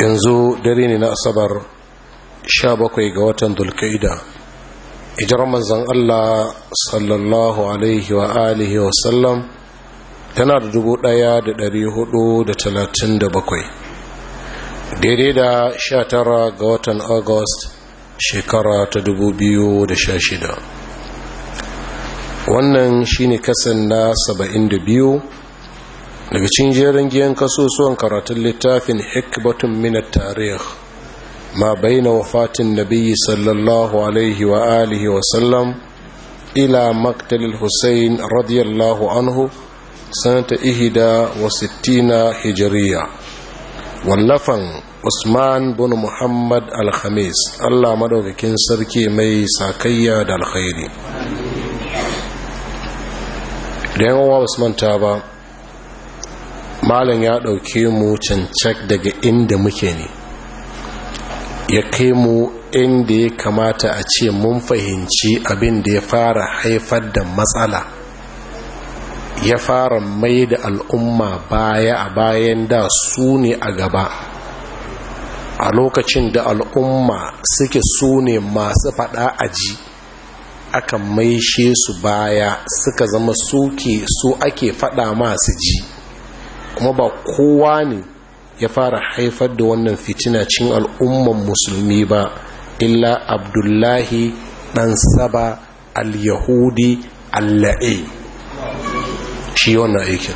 yanzu dare ne na asabar 17 ga watan dulkaida ijiran manzan allah sallallahu alaihi wa alihi wa sallam tana da da talatin bakwai. daidai da sha tara ga watan august shekara ta da sha shida. wannan shine kasan na biyu. daga cikin jerin giyan kasusuwan karatun littafin hikbatun minat tarih ma baina wafatin nabiyyi sallallahu alaihi wa alihi wa sallam ila maktalil hussein radiyallahu anhu sanata ihida wa sittina hijiriya wallafan usman bin muhammad alKhamis allah madaukakin sarki mai sakayya da alkhairi da yan uwa usman ta ba malam ya ɗauke mu cancak daga inda muke ne ya kai mu inda ya kamata a ce mun fahimci abin da ya fara haifar da matsala ya fara mai da al'umma baya a bayan da su ne a gaba a lokacin da al'umma suke su ne masu faɗa aji aka maishe su baya suka zama suke su ake faɗa masu ji kuma ba kowa ne ya fara haifar da wannan fitina cin al'umman musulmi ba illa abdullahi ɗan saba al-yahudi alla'i shi wannan aikin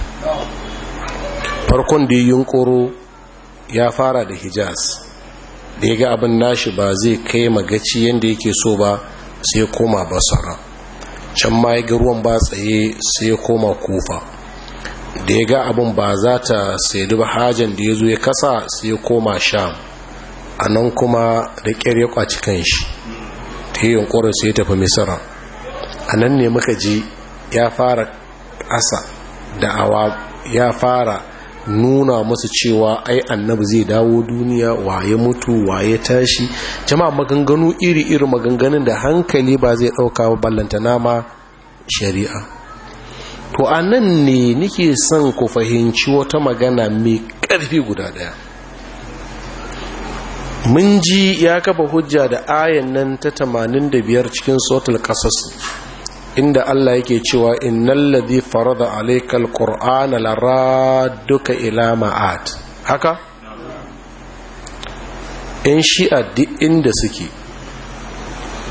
farkon da yunkuru ya fara da hijaz da ya ga abin nashi ba zai kai magaci yadda yake so ba sai koma basara can ma ya ga ruwan ba tsaye sai koma kofa da ya ga abin ba za ta saidu ba hajjan da ya zo ya kasa sai ya koma sham a nan kuma da ƙyar ya kwaci kan shi ta yi yunkurin sai ya tafi misira a nan ne muka ji ya fara ƙasa da awa ya fara nuna musu cewa ai annabi zai dawo duniya waye mutu waye tashi jama'a maganganu iri-iri maganganun da hankali ba zai ɗauka ba ballanta nama shari'a to a nan ne nike son ku fahimci wata magana mai ƙarfi guda ɗaya mun ji ya kafa hujja da ayan nan ta 85 cikin sotul kasas inda Allah yake cewa innal ladhi farada alaykal qur'ana duka ila ma'ad haka in shi'a duk inda suke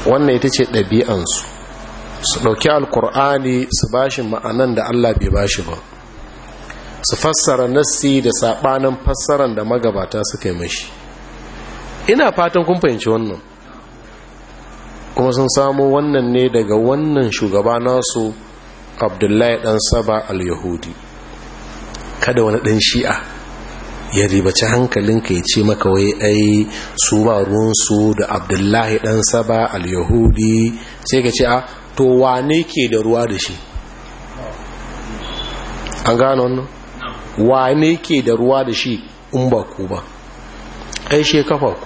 wannan ita ce ɗabi'ansu su ɗauki alkur'ani su bashi ma'anan da allah bai bashi ba su fassara nassi da saɓanin fassaran da magabata suka yi mashi ina fatan kun fahimci wannan kuma sun samu wannan ne daga wannan shugaba nasu abdullahi ɗan saba al-yahudi kada wani ɗan shi'a ya ribaci hankalinka ya ce maka wai ai su ba ruwansu da abdullahi dan saba al-yahudi sai ka ce a ah, to wane ke da ruwa da shi an gano wannan wane ke da ruwa da shi in ba ku ba ai she kafa ku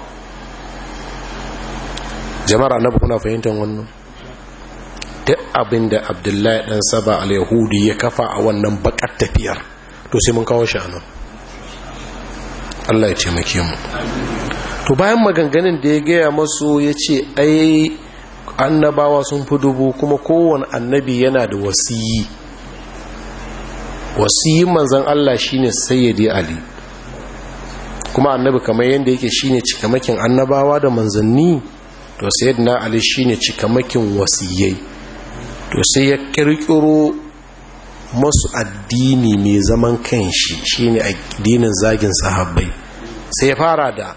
jama'ar annabi kuna fahimtar wannan Ta abin da abdullahi dan saba al ya kafa a wannan bakar tafiyar to sai mun kawo shi Allah ya taimake mu to bayan maganganun da ya gaya masu ya ce ai annabawa sun fi dubu kuma kowane annabi yana da wasiyi wasiyin manzan Allah shine sayyidi ali kuma annabi kamar yadda yake shine cikamakin annabawa da manzanni to sayyidina ali shine cikamakin wasiyai to sai ya kirkiro masu addini mai zaman kanshi shine addinin zagin sahabbai sai ya fara da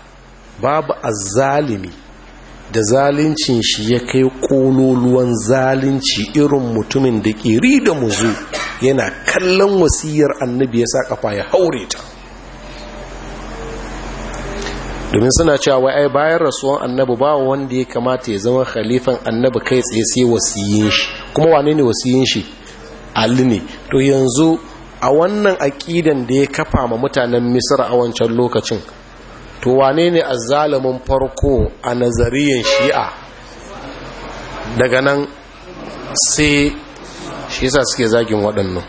babu azzalimi da zalincin shi ya kai kololuwan zalunci irin mutumin da ƙiri da muzu yana kallon wasiyar annabi ya sa kafa ya haure ta domin suna cewa ai bayan rasuwan annabi ba wanda ya kamata ya zama khalifan annabi kai tsaye sai wasiyin shi kuma wane ne wasiyin shi ali ne to yanzu a wannan aƙidan da ya kafa ma mutanen Misira a wancan lokacin to wane ne azzalumin farko a nazariyan shi'a daga nan sai shi sa suke zagin waɗannan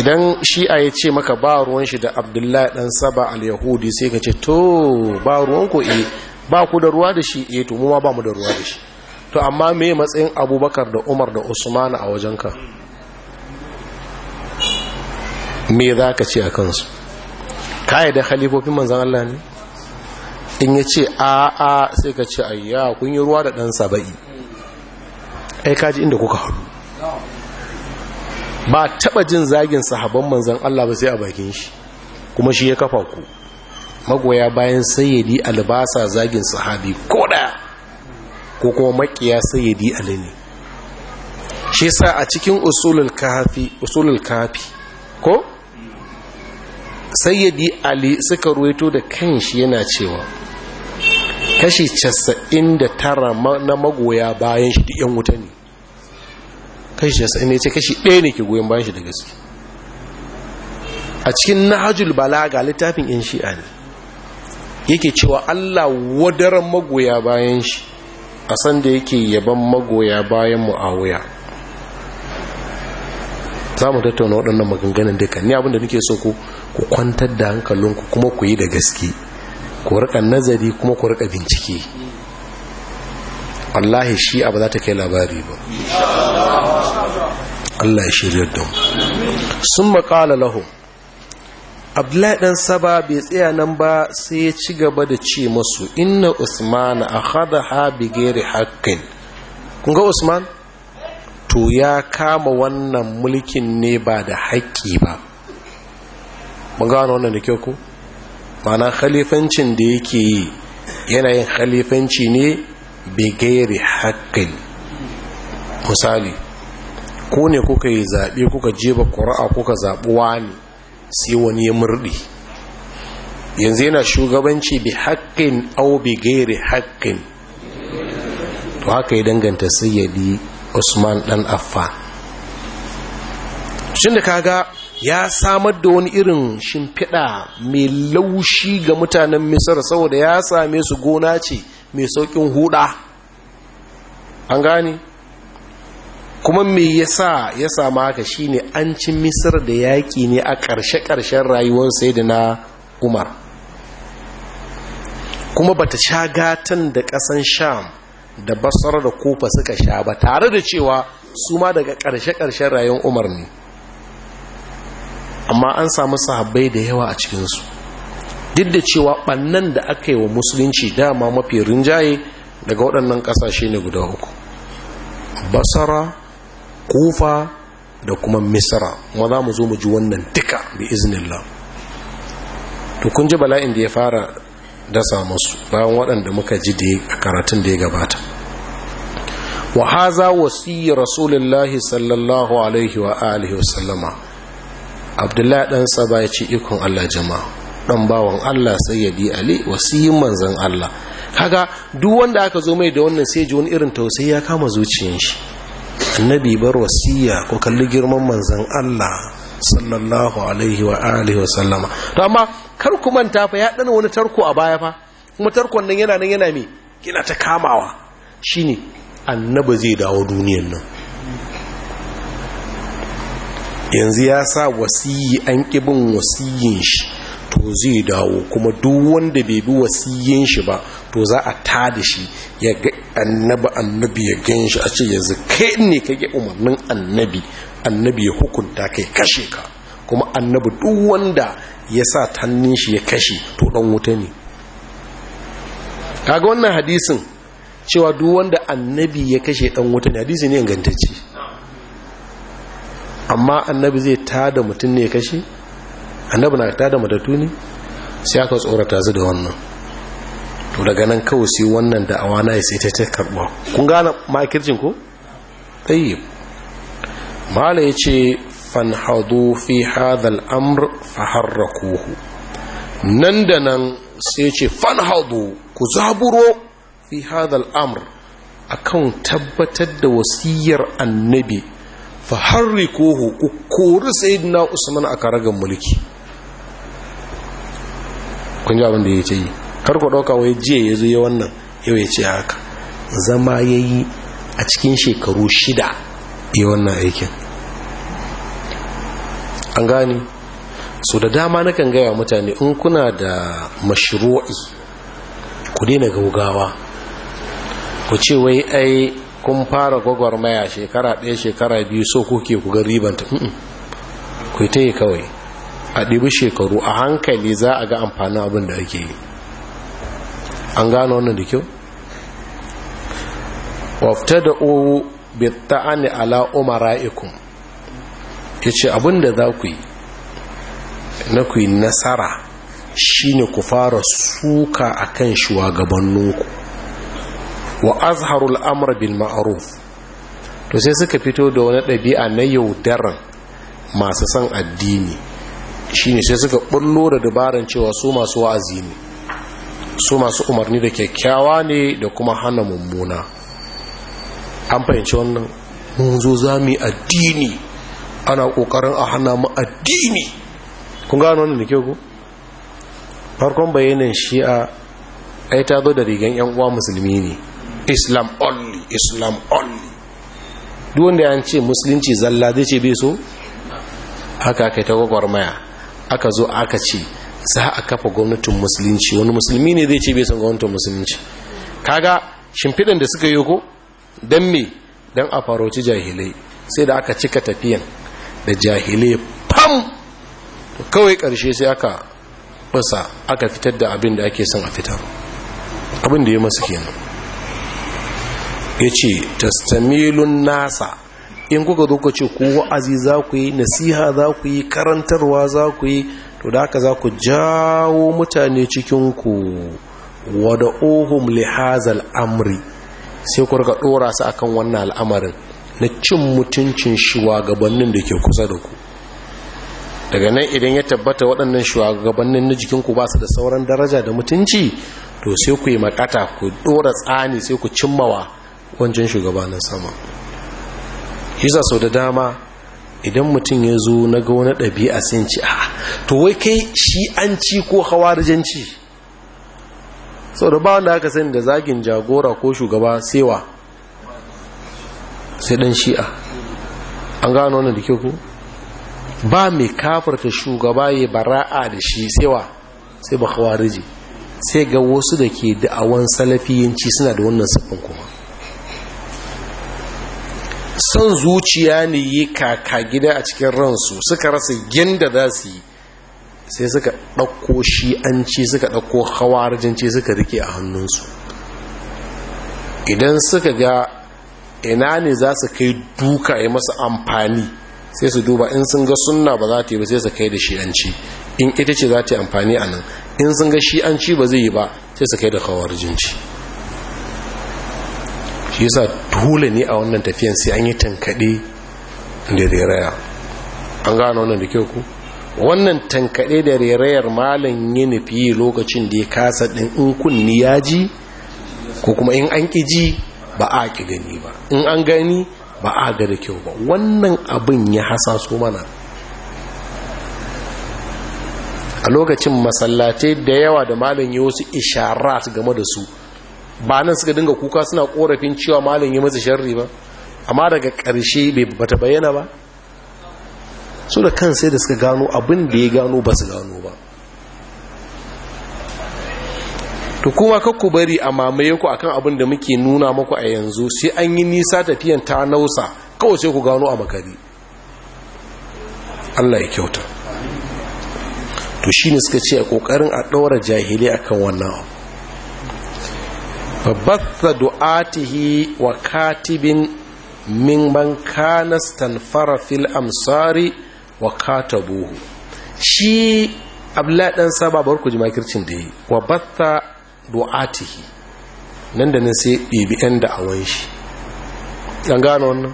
idan shi'a ya ce maka ba ruwan shi da abdullahi ɗan saba al-yahudi sai ka ce to ba ruwan ku e ba ku da ruwa da shi e to mu ma ba mu da ruwa da shi to amma me matsayin abubakar da umar da usman a wajenka me za ka ce a kansu ka yi da halifofin manzan Allah ne in ya ce a a sai ka ce ayya kun yi ruwa da ɗan saba'i ai kaji inda kuka haɗu ba taɓa jin zagin sahabban manzan Allah ba sai a bakin shi kuma shi ya kafa ku magoya bayan sayyidi albasa zagin sahabi ko daya ko kuma makiya ya ali shi sa a cikin usulul kafi usulul kafi ko sayyadi ali suka ruwaito da kanshi yana cewa kashi 99 na magoya bayan shi ɗin wuta ne kashi 99 ne ce kashi ɗaya ne ke goyon bayan shi da gaske a cikin nahajul balaga littafin yan shi'a ne yake cewa Allah wadaran magoya bayan shi a sanda yake yaban magoya bayan mu'awuya za mu tattauna waɗannan maganganun duka ni abinda nake so ku ku kwantar da hankalinku kuma ku yi da gaske ku rika nazari kuma ku rika bincike wallahi shi abu za ta kai labari ba Allah ya shirya don sun makala laho abdullahi ɗan saba bai tsaya nan ba sai ya ci gaba da ce masu inna usman a hada ha bigere haƙƙin ƙunga usman to ya kama wannan mulkin ne ba da haƙƙi ba mun gano wannan da kyau ko mana khalifancin da yake yi yanayin khalifanci ne bigayri haƙƙin misali ko ne kuka yi zaɓe kuka jeba ƙura'a kuka zaɓi wani sai wani ya murɗi yanzu yana shugabanci bi haƙƙin au bi haƙƙin to haka yi danganta sayyadi usman ɗan affa. shin da ka ga. ya samar da wani irin shimfiɗa mai laushi ga mutanen misar saboda ya same su gona ce mai sauƙin huda an gani kuma me yasa ya sama haka shine an ci misar da yaƙi ne a ƙarshe-ƙarshen rayuwar sai da na umar kuma bata sha gatan da ƙasan sham da basarar da kofa suka sha ba tare da cewa su ma daga ƙarshe-ƙarshen rayuwar umar ne amma an samu sahabbai da yawa a cikinsu duk da cewa ɓannan da aka yi wa musulunci dama mafi rinjaye daga waɗannan ƙasashe ne guda uku basara kufa da kuma misra kuma za mu zo mu ji wannan duka bi iznillah to kun ji bala'in da ya fara dasa musu bayan waɗanda muka ji da karatun da ya gabata wa haza wasi rasulullahi sallallahu alaihi wa alihi wa sallama abdullahi dan saba ya ce ikon allah jama'a Ɗan bawan allah sai ya bi ali yi manzan allah kaga duk wanda aka zo mai da wannan sai ji wani irin tausayi ya kama zuciyar shi annabi bar wasiya ko kalli girman manzan allah sallallahu alaihi wa alihi wa sallama to amma kar ku manta fa ya dana wani tarko a baya fa kuma tarkon nan yana nan yana me yana ta kamawa shine annabi zai dawo duniyar nan yanzu ya sa wasiyi an kibin wasiyin shi to zai dawo kuma duk wanda bai bi wasiyin shi ba to za a ta da shi ya ga annabi annabi ya gan shi a ce yanzu kai ne ka ga umarnin annabi annabi ya hukunta kai kashe ka kuma annabi duk wanda ya sa tannin shi ya kashe to dan wuta ne kaga wannan hadisin cewa duk wanda annabi ya kashe dan wuta ne hadisi ne ingantacce amma annabi zai tada mutum ne kashi annabi na tada matatu ne sai aka tsorata su da wannan to daga nan kawai sai wannan da'awa ya sai ta ta karɓa kun gane makircin ko tayyib mala yace fanhadu fi hadha al-amr faharrakuhu nan da nan sai ce fanhadu ku zaburo fi hadal amur amr akan tabbatar da wasiyar annabi fa harrikuhu ku kori na usman a karagan mulki kun ji abin da ya ce yi kar ku ɗauka wai jiya ya zo wannan yau ya ce haka zama ya yi a cikin shekaru shida ya wannan aikin an gani so da dama na kan gaya mutane in kuna da mashiro'i ku daina gaugawa ku ce wai ai kun fara gwagwarmaya shekara ɗaya shekara biyu so kuke ku ga ribanta ku ta yi kawai a ɗibi shekaru a hankali za a ga amfanin abin da ake yi an gano wannan da kyau wafta da owu ani ala umaraikum ya ce abin da za ku yi na ku yi nasara shine ku fara suka akan shugabanninku wa azharul amr bil ma'ruf to sai suka fito da wani ɗabi'a na yaudaran masu san addini shine sai suka bullo da dabaran cewa su masu wa'azi ne su masu umarni da kyakkyawa ne da kuma hana mummuna an fahimci wannan mun zo za addini ana kokarin a hana mu addini kun gano wannan da kyau farkon bayanan shi'a ai ta zo da rigan yan uwa musulmi ne islam only islam only duk wanda ya ce musulunci zalla zai ce bai so haka kai ta ta gwagwarmaya aka zo aka ce za a kafa gwamnatin musulunci wani musulmi ne zai ce bai son gwamnatin musulunci kaga shimfiɗan da suka yi ko don me don a faroci jahilai sai da aka cika tafiyan da jahilai pam kawai karshe sai aka basa aka fitar da abin da ake son a fitar abin da ya masu kenan ya ce tastamilun nasa in kuka zo ka ce ku wa'azi za ku yi nasiha za ku yi karantarwa za ku yi to da haka za ku jawo mutane cikinku wada ohun lihazal amri sai ku rika dora su akan wannan al'amarin na cin mutuncin shugabannin da ke kusa da ku daga nan idan ya tabbata waɗannan shugabannin na jikinku ba su da sauran daraja da mutunci to sai ku yi makata ku dora tsani sai ku cimmawa wancan shugaba na sama hisa sau da dama idan mutum ya zo na ga wani ɗabi'a sun ci a to wai kai shi an ci ko janci sau da ba wanda aka sani da zagin jagora ko shugaba sewa sai ɗan shi'a an gano wani da ke ku ba mai kafarta shugaba ya bara'a da shi sewa sai ba hawariji sai ga wasu da ke da'awan salafiyanci suna da wannan siffin kuma son zuciya ne yi kaka gida a cikin ransu suka rasa yadda za su yi sai suka ɗauko shi'anci suka ɗauko hawarjanci suka rike a hannunsu idan suka ga ina ne za su kai duka ya masa amfani sai su duba in sun ga sunna ba za ta yi ba sai su kai da shi'anci in ita ce za ta yi amfani a nan in sun ga shi'anci ba zai yi ba sai su kai da hawarjanci shi yasa dole ne a wannan tafiyan sai an yi tankaɗe da reraya an gano wannan da kyau ku wannan tankaɗe da rerayar malam yi nufi lokacin da ya kasa ɗin in kunni ya ji ko kuma in an ƙi ji ba a ƙi gani ba in an gani ba a ga da kyau ba wannan abin ya hasaso mana a lokacin masallatai da yawa da malam yi wasu isharat game da su ba nan suka dinga kuka suna korafin cewa malin yi masa sharri ba amma daga ƙarshe bata bayyana ba su da kan sai da suka gano abin da ya gano ba su gano ba to kuma kakku bari a mamaye ku akan abin da muke nuna maku a yanzu sai an yi nisa tafiyan ta nausa kawai sai ku gano a makari Allah ya kyauta to shine suka ce a kokarin a ɗaura jahili akan wannan abu fabatha du'atihi wa katibin min man kana stanfara fil amsari wa katabuhu shi abdullahi dan saba bar ku ji da yi wa batha du'atihi nan da nan sai bibi 'yan da'awan shi an gano wannan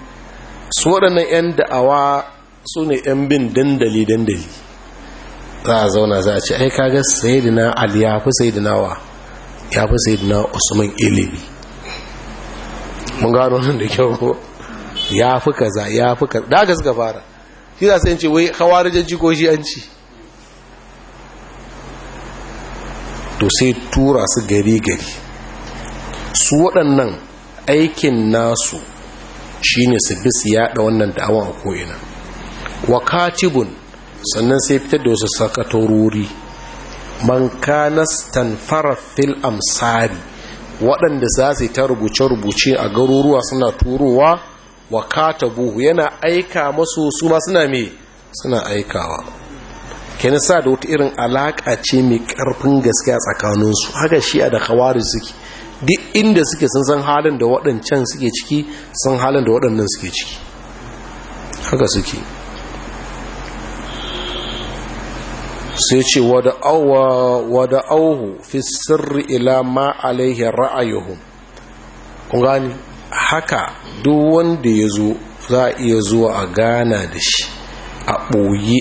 su waɗannan 'yan da'awa su ne 'yan bin dandali-dandali za a zauna za a ce ai kaga sayidina ali ya fi wa ya fi sai na usman ilimi mun gano nan da kyau ko ya fi kaza ya fi kaza da aka suka fara shi za su yanci wai hawarijanci ko shi an ci to sai tura su gari gari su waɗannan aikin nasu shine su bi su yaɗa wannan da'awa a ko'ina wa sannan sai fitar da wasu sakatorori man kana fil amsari waɗanda za su ta rubuce-rubuce a garuruwa suna turowa wa buhu yana aika masu su ma suna me suna aikawa kenan sa da wata irin alaƙa ce mai ƙarfin gaskiya tsakaninsu haka shi a da kawari suke duk inda suke sun san halin da waɗancan suke ciki sun halin da waɗannan suke ciki haka suke sai ce wada auhu fi sirri ila ma alaihi ra'ayuhum kun gani haka duk wanda ya zo za a iya zuwa a gana da shi a ɓoye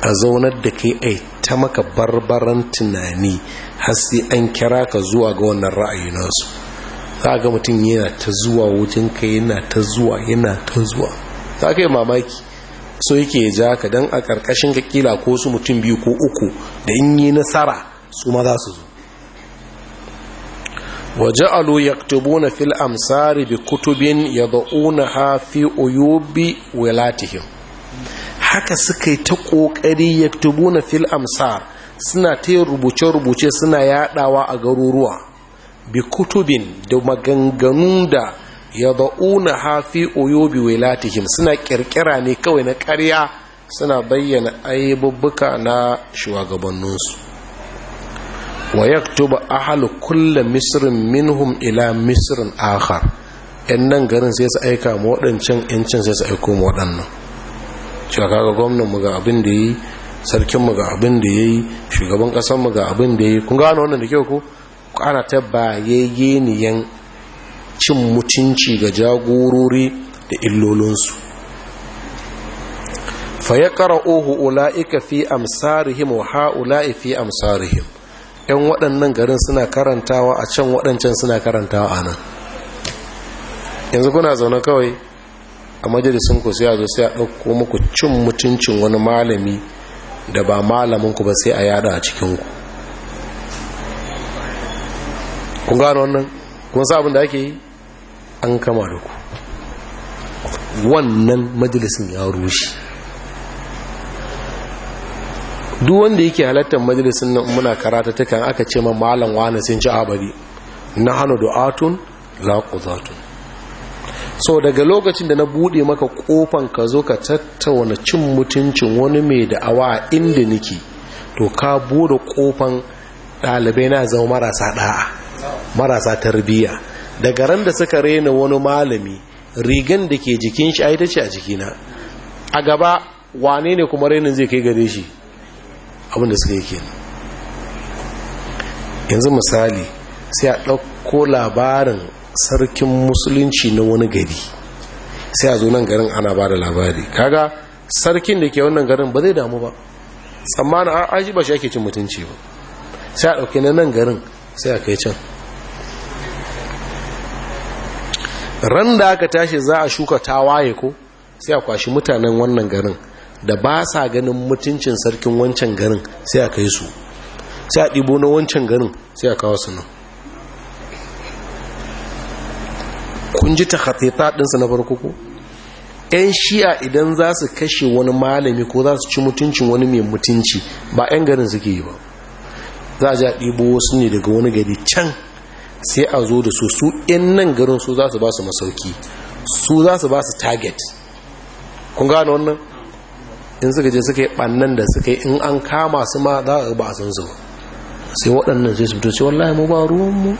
a zaunar da kai ai ta maka barbaran tunani har sai an kira ka zuwa ga wannan ra'ayi nasu za ga mutum yana ta zuwa wajen kai yana ta zuwa yana ta zuwa za ka yi mamaki so yake ja ka dan a karkashin ka kila ko su mutum biyu ko uku da in yi nasara su ma za su zo وجعلوا يكتبون في الأمصار بكتب ha fi oyobi ولاتهم haka suka yi ta ƙoƙari yaktubuna fil amsar suna ta yin rubuce-rubuce suna yadawa a garuruwa bi kutubin da maganganu da ya ba'una hafi oyobi welatihim suna kirkira ne kawai na karya suna bayyana aibubbuka na shugabanninsu wa tuba ahlu kulle misrin minhum ila misirin akhar yan nan garin sai su aika mu waɗancan yancin sai su aiko mu waɗannan shaka ga gwamnan mu ga abin da yi sarkin ga abin da ya yi shugaban ƙasanmu ga abin da ya yi kun gano wannan da kyau ko ana ta bayayyeniyan cin mutunci ga jagorori da illolinsu fa ohu qara'uhu ulaika fi amsarihim wa haula'i fi amsarihim yan waɗannan garin suna karantawa a can waɗancan suna karantawa a nan yanzu kuna zaune kawai a majalisun ku sai a zo sai a ɗauko muku cin mutuncin wani malami da ba malamin ba sai a yada a cikinku. kun gano wannan kun sa abin da ake yi an kama da ku wannan majalisun ya rushe duk wanda yake halattar majalisun nan muna karata ta kan aka ce ma malam wani sun ci abari na hannu du'atun laƙuzatun sau daga lokacin da na buɗe maka ƙofan ka zo ka tattauna cin mutuncin wani mai da awa inda niki to ka bude ƙofan ɗalibai na zama marasa ɗa'a marasa tarbiyya daga ran da suka rena wani malami rigan da ke jikin shi ai tace a jikina a gaba wane ne kuma renin zai kai gare shi abin da suka yi kenan yanzu misali sai a ɗauko labarin sarkin musulunci na wani gari sai a zo nan garin ana ba da labari kaga sarkin da ke wannan garin ba zai damu ba tsammanin a shi ba shi ake cin mutunci ba sai a ɗauki na nan garin sai a kai can ran da aka tashi za a shuka tawaye ko sai a kwashi mutanen wannan garin da ba sa ganin mutuncin sarkin wancan garin sai a kai su sai a ɗibo na wancan garin sai a kawo su nan kun ji takhatita ɗinsu na farko ko yan shi'a idan za su kashe wani malami ko za su ci mutuncin wani mai mutunci ba ƴan garin suke yi ba za a ji a ɗibo wasu ne daga wani gari can sai a zo da su su in nan garin su za su ba su masauki su za su ba su target kun gano wannan in suka je suka yi bannan da suka yi in an kama su ma za a ba a san sai waɗannan sai su fito ce wallahi mu ba ruwanmu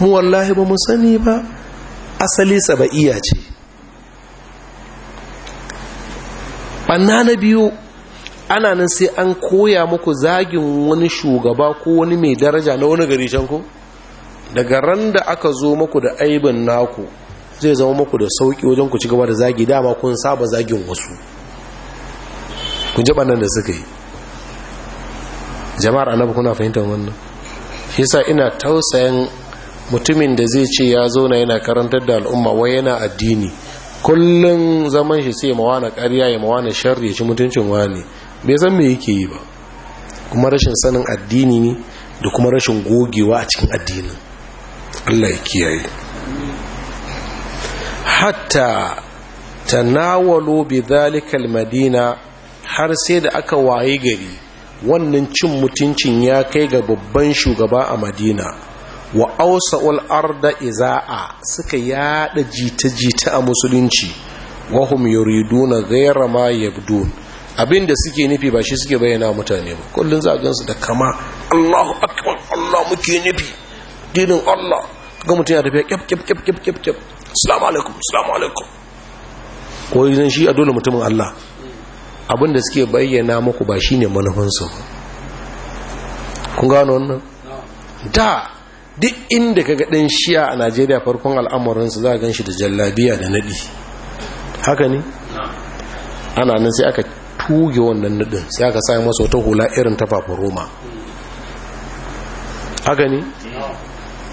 mu wallahi ba mu sani ba asali saba'iya ce ɓanna na biyu ana nan sai an koya muku zagin wani shugaba ko wani mai daraja na wani gari shanku ko daga ran da aka zo muku da aibin naku zai zama muku da sauki wajen ku ci gaba da zagi dama kun saba zagin wasu kun jaba nan da suka yi jama'ar annabi kuna fahimtar wannan shi yasa ina tausayin mutumin da zai ce ya zauna yana karantar da al'umma wai yana addini kullum zaman shi sai mawana karya ya mawana sharri ya ci mutuncin wani bai san me yake yi ba kuma rashin sanin addini ne da kuma rashin gogewa a cikin addinin Allah ya kiyaye hatta tanawalo bi zalikal madina har sai da aka waye gari wannan cin mutuncin ya kai ga babban shugaba a madina wa ausa'ul arda iza'a suka yada jita-jita a musulunci wahum yuriduna ghayra ma yabdun abinda suke nufi ba shi suke bayyana mutane ba kullun za gansu da kama Allahu akbar Allah muke nufi dinin Allah ga mutum ya tafiya kyap-kyap-kyap-kyap-kyap salamu alaikum salamu alaikum ko zan shi a dole mutumin Allah abinda suke bayyana muku ba shine manufansu kun gano wannan da duk inda kaga gaɗin shiya a Najeriya farkon al'amuransu za za gan shi da jallabiya da naɗi. haka ne ana nan sai aka tuge wannan naɗin sai aka sa masa wata hula irin ta fafaroma haka ne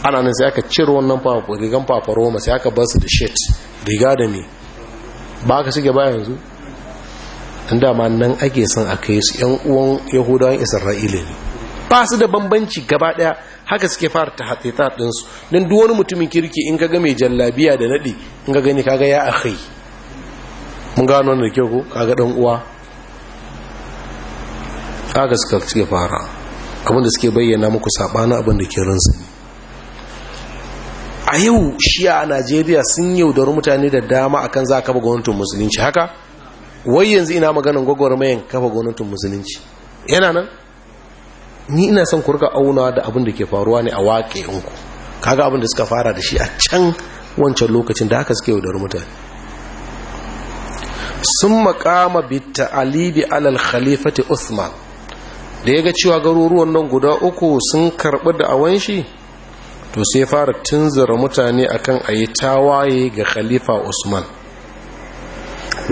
ana nan sai aka cire wannan rigan fafaroma sai aka basu da shet riga da ne ba ka suke ba yanzu an dama nan ake son a kai su yan uwan yahudawan isra'ila ne ba su da bambanci gaba daya haka suke fara ta ta su don duk wani mutumin kirki in ka ga mai jallabiya da naɗi in ka gani kaga ya akai mun gano da kyau ko kaga ɗan uwa haka suka suke fara abinda suke bayyana muku saɓanin abin da ke rinsa. a yau shiya a najeriya sun yaudari mutane da dama akan za a kafa gwamnatin musulunci haka wai yanzu ina maganin gwagwarmayan kafa gwamnatin musulunci yana nan ni ina son kurka auna da abin da ke faruwa ne a waƙe inku kaga abin da suka fara da shi a can wancan lokacin da haka suke yaudaru mutane sun makama bitta alibi alal khalifati usman da ya ga cewa garuruwan nan guda uku sun karɓi da awanshi. to sai fara tunzura mutane akan a yi tawaye ga khalifa usman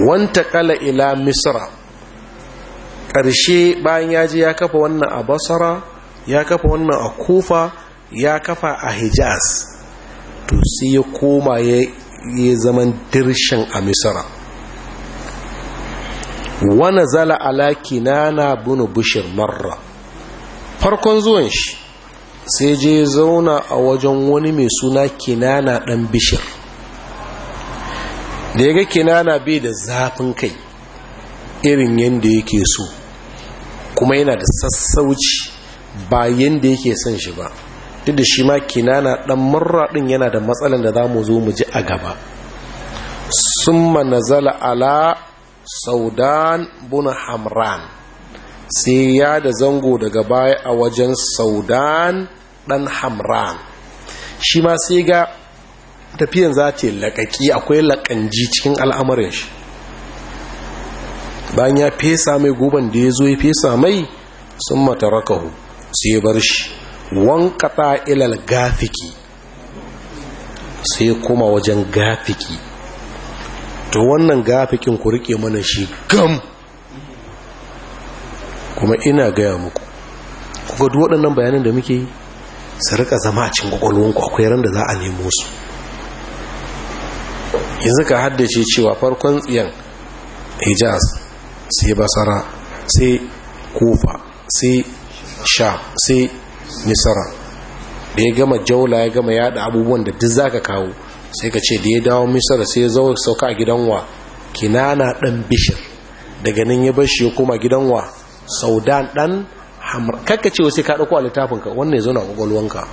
wanta kala ila misra ƙarshe bayan ya je ya kafa wannan a basara ya kafa wannan a kufa ya kafa a hijaz to sai ya koma ya yi zaman dirshin a misra wana zala na na bunu bushir marra farkon zuwan shi sai je zauna a wajen wani mai suna kinana dan bishir da ya ga kinana bai da zafin kai irin yadda yake so kuma yana da sassauci ba yadda yake son shi ba duk da shi ma kinana dan murra ɗin yana da matsalan da za mu zo mu ji a gaba sun zala ala saudan buna hamran sai ya da zango daga baya a wajen saudan dan hamran shi ma sai ga tafiyan za ta yi lakaki akwai laƙanji cikin al'amarin shi bayan ya fesa mai guban da ya zo ya fesa mai sun mata rakahu sai ya bar shi kata ilal gafiki sai kuma wajen gafiki to wannan gafikin ku rike mana shi gam kuma ina gaya muku kuka duk waɗannan bayanan da muke yi su rika zama a cikin kwakwalwanku akwai ran da za a nemo su yanzu ka haddace cewa farkon tsiyan hijaz sai basara sai kufa sai sha sai misra da ya gama jaula ya gama yada abubuwan da duk za ka kawo sai ka ce da ya dawo misara sai ya zo sauka a gidan wa kinana ɗan bishir daga nan ya bar ya koma gidan wa saudan dan hamar kakka ce wasu ka ɗauko a littafinka wannan ya zo na ƙwaƙwalwanka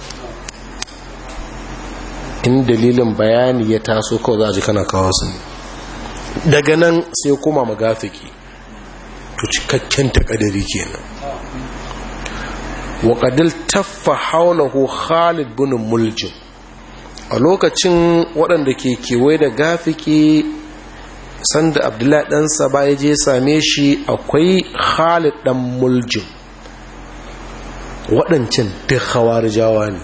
in dalilin bayani ya taso kawai za a ji kana kawo su ne daga nan sai kuma magafiki to cikakken takadari kenan waƙadil taffa haulahu khalid Bunin Muljin. a lokacin waɗanda ke kewaye da gafiki sanda abdullahi ɗansa ba ya je same shi akwai khalid ɗan muljim waɗancan duk hawar jawa ne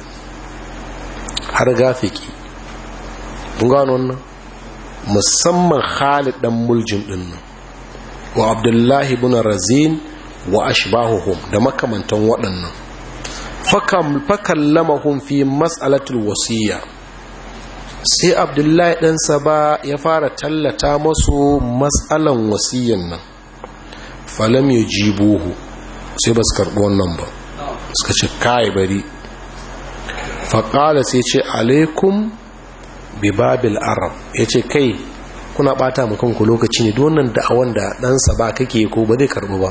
har gafiki kun gano wannan musamman khalid ɗan muljim din nan wa abdullahi ibn razin wa ashbahuhum da makamantan waɗannan fakallamahum fi mas'alatul wasiyya sai abdullahi ɗansa ba ya fara tallata masu matsalan wasiyyan nan falam ya ji buhu sai ba su karɓi wannan ba suka ce kayi bari faƙala sai ce alaikum bi babil arab ya ce kai kuna ɓata kanku lokaci ne donan da a wanda ɗansa ba kake ko ba zai karɓi ba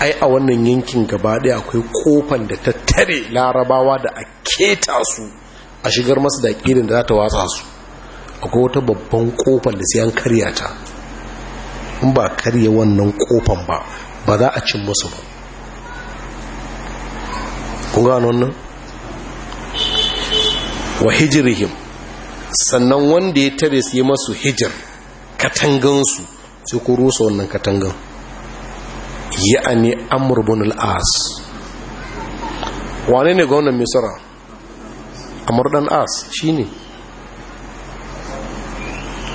ai a wannan yankin gaba ɗaya akwai kofan da tattare larabawa da a keta su a shigar masu da ƙirin da za ta watsa su akwai wata babban ƙofar da siyan an karya ta in ba karya wannan ƙofar ba ba za a cin musu ba kun gano wannan wa hijirihim sannan wanda ya tare su yi masu hijir katangansu sai ku rusa wannan katangan ya'ani ne bin al'as wane ne ga wannan misra kamar dan as shi ne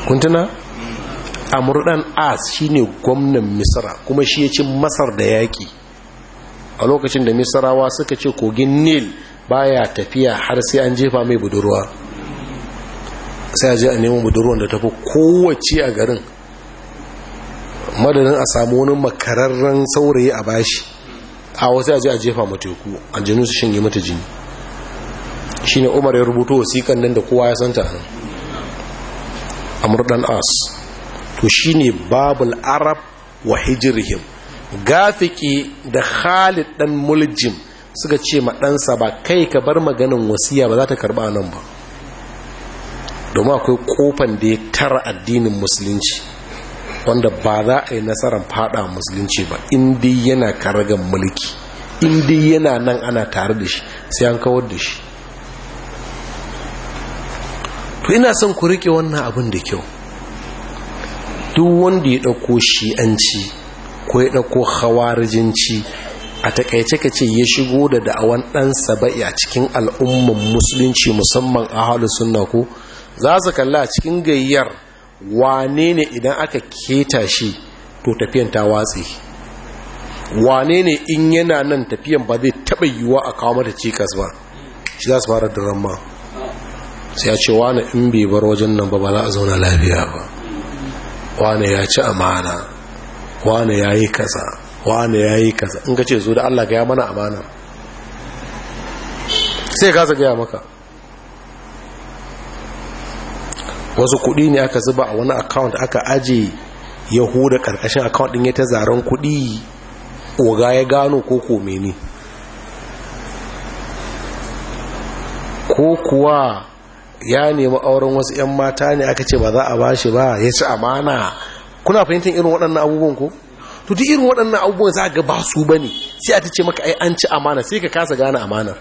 kuntuna amur dan as shi ne gwamnan misra kuma shi ya ci masar da yaƙi a lokacin da misrawa suka ce kogin nil baya tafiya har sai an jefa mai budurwa sai a je a neman budurwan da tafi kowace a garin madadin a samu wani makararren saurayi a bashi a wasu a je a jefa mataiku a aljinu su shinge mata jini shine umar ya rubuto wasiƙan nan da kowa ya santa nan amr as to shine babul arab wa hijrihim gafiki da khalid ɗan muljim suka ce ma ɗansa ba kai ka bar maganin wasiya ba za ta karɓa nan ba domin akwai ƙofan da ya tara addinin musulunci wanda ba za a yi nasarar fada musulunci ba indi yana karagan mulki indi yana nan ana tare da shi sai an kawar da shi to ina son ku rike wannan abin da kyau duk wanda ya ɗauko shi'anci ko ya ɗauko hawarijinci a taƙaice ka ce ya shigo da da'awan ɗan saba'i a cikin al'umman musulunci musamman a halin sunna ko za su kalla a cikin gayyar wane ne idan aka keta shi to tafiyan ta watsi wane ne in yana nan tafiyan ba zai taɓa yiwuwa a kawo mata cikas ba shi za su fara da ramma sai ya ce wani in bai bar wajen nan ba ba a zauna lafiya ba wani ya ci amana wani ya yi kasa wani ya yi kasa in ka ce zo da allah ya mana amana sai ka gaya maka wasu kudi ne aka zuba a wani account aka aje ya huda karkashin account din ya ta zaren kudi oga ya gano ko kome ne ko kuwa ya nemi auren wasu 'yan mata ne aka ce ba za a ba shi ba ya ci amana kuna fahimtar irin waɗannan abubuwan ko to duk irin waɗannan abubuwan za ga ba su ba ne sai a ta ce maka ai an ci amana sai ka kasa gane amanar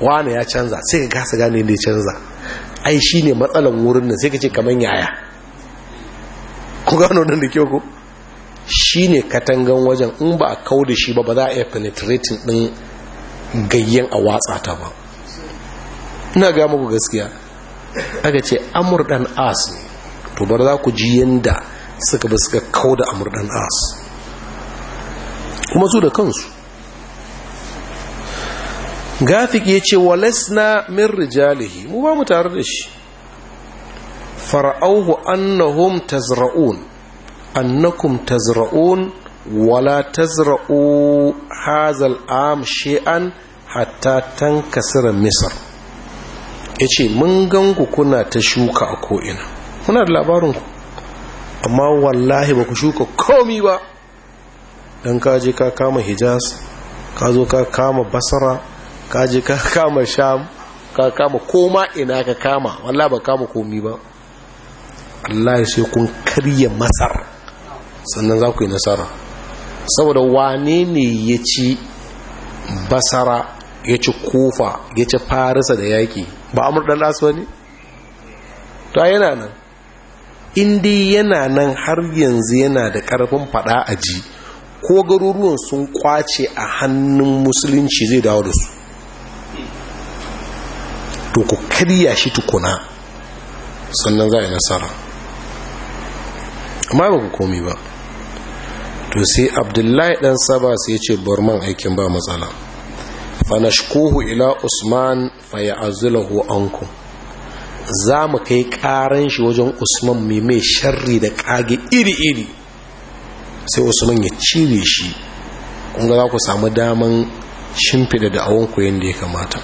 wane ya canza sai ka kasa gane ne ya canza ai shi ne matsalan wurin nan sai ka ce kamar yaya ku gano nan da kyau ko shi ne katangan wajen in ba a kau da shi ba ba za a iya penetrating ɗin gayyen a watsa ta ba ina ga muku gaskiya aka ce Amurdan as ne to bar za ku ji yanda suka ba suka kau da amurdan as kuma su da kansu gafik ya ce na min rijalihi mu ba mu tare da shi fara'auhu annahum tazra'un annakum tazra'un wala tazra'u hazal am she'an, hatta tankasira misr ya ce mun ganku kuna ta shuka a ko'ina kuna da labarinku amma wallahi ba ku shuka komi ba don kaje ka kama hijas ka zo ka kama basara kaje ka kama sham ka kama koma ina ka kama wallahi ba kama komi ba Allah sai kun karya masar sannan za ku yi nasara saboda wane ne ya ci basara ya ci kofa ya ci farisa da yaƙi ba amur dan lasu ne ta yana nan indi yana nan har yanzu yana da ƙarfin faɗa a ji ko garuruwan sun kwace a hannun musulunci zai dawo da su to ku karya shi tukuna sannan za a yi nasara amma ba ku komi ba to sai abdullahi ɗan saba sai ya ce borman aikin ba matsala fanashkuhu ila usman fayazilahu anku za mu kai karan shi wajen usman mai mai sharri da kage iri-iri sai usman ya cire shi kunga za ku samu daman shimfida da awonku yadda ya kamata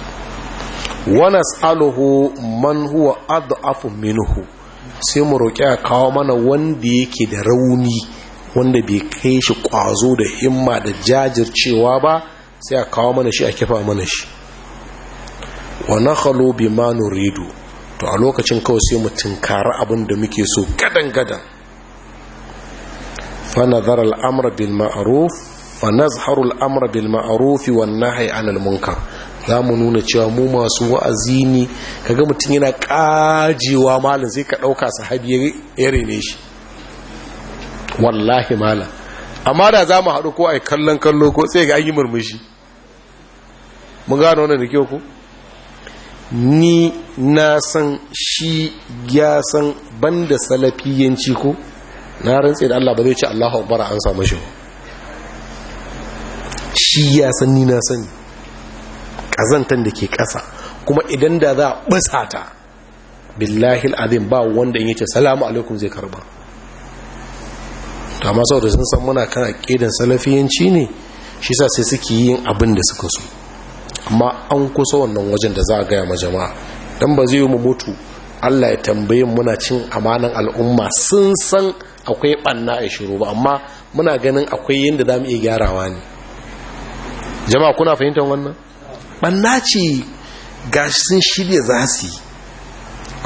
wani tsaluhu man huwa adu'afu minhu sai mu roƙi a kawo mana wanda yake da rauni wanda bai kai shi ƙwazo da himma da jajircewa ba sai a kawo mana shi a kifa mana shi wa nakhalu bima nuridu to a lokacin kawai sai mu tinkari abin da muke so gadan gadan fa nazara al-amra bil ma'ruf fa nazharu al bil ma'ruf na nahyi 'anil munkar za mu nuna cewa mu masu wa'azi ne kaga mutum yana kajewa malin sai ka ɗauka sahabi ya rene shi wallahi malam amma da za mu haɗu ko a kallon kallo ko sai ga an yi murmushi mun gano wannan da kyau ku ni na san shi ya san banda salafiyanci ko na rantse da Allah ba zai ci Allahu akbar an samu shi shi ya san ni na sani kazantan da ke kasa kuma idan da za a ɓasa ta billahi al'adun ba wanda in yace salamu alaikum zai karba to amma saboda sun san muna kan aƙidan salafiyanci ne shi sa sai suke yin abin da suka so amma an kusa wannan wajen da za a gaya ma jama'a don ba zai yi mu mutu Allah ya tambayi muna cin amanan al'umma sun san akwai banna a shiru ba amma muna ganin akwai yadda za mu iya gyarawa ne jama'a kuna fahimtar wannan banna ce ga sun shirya za su yi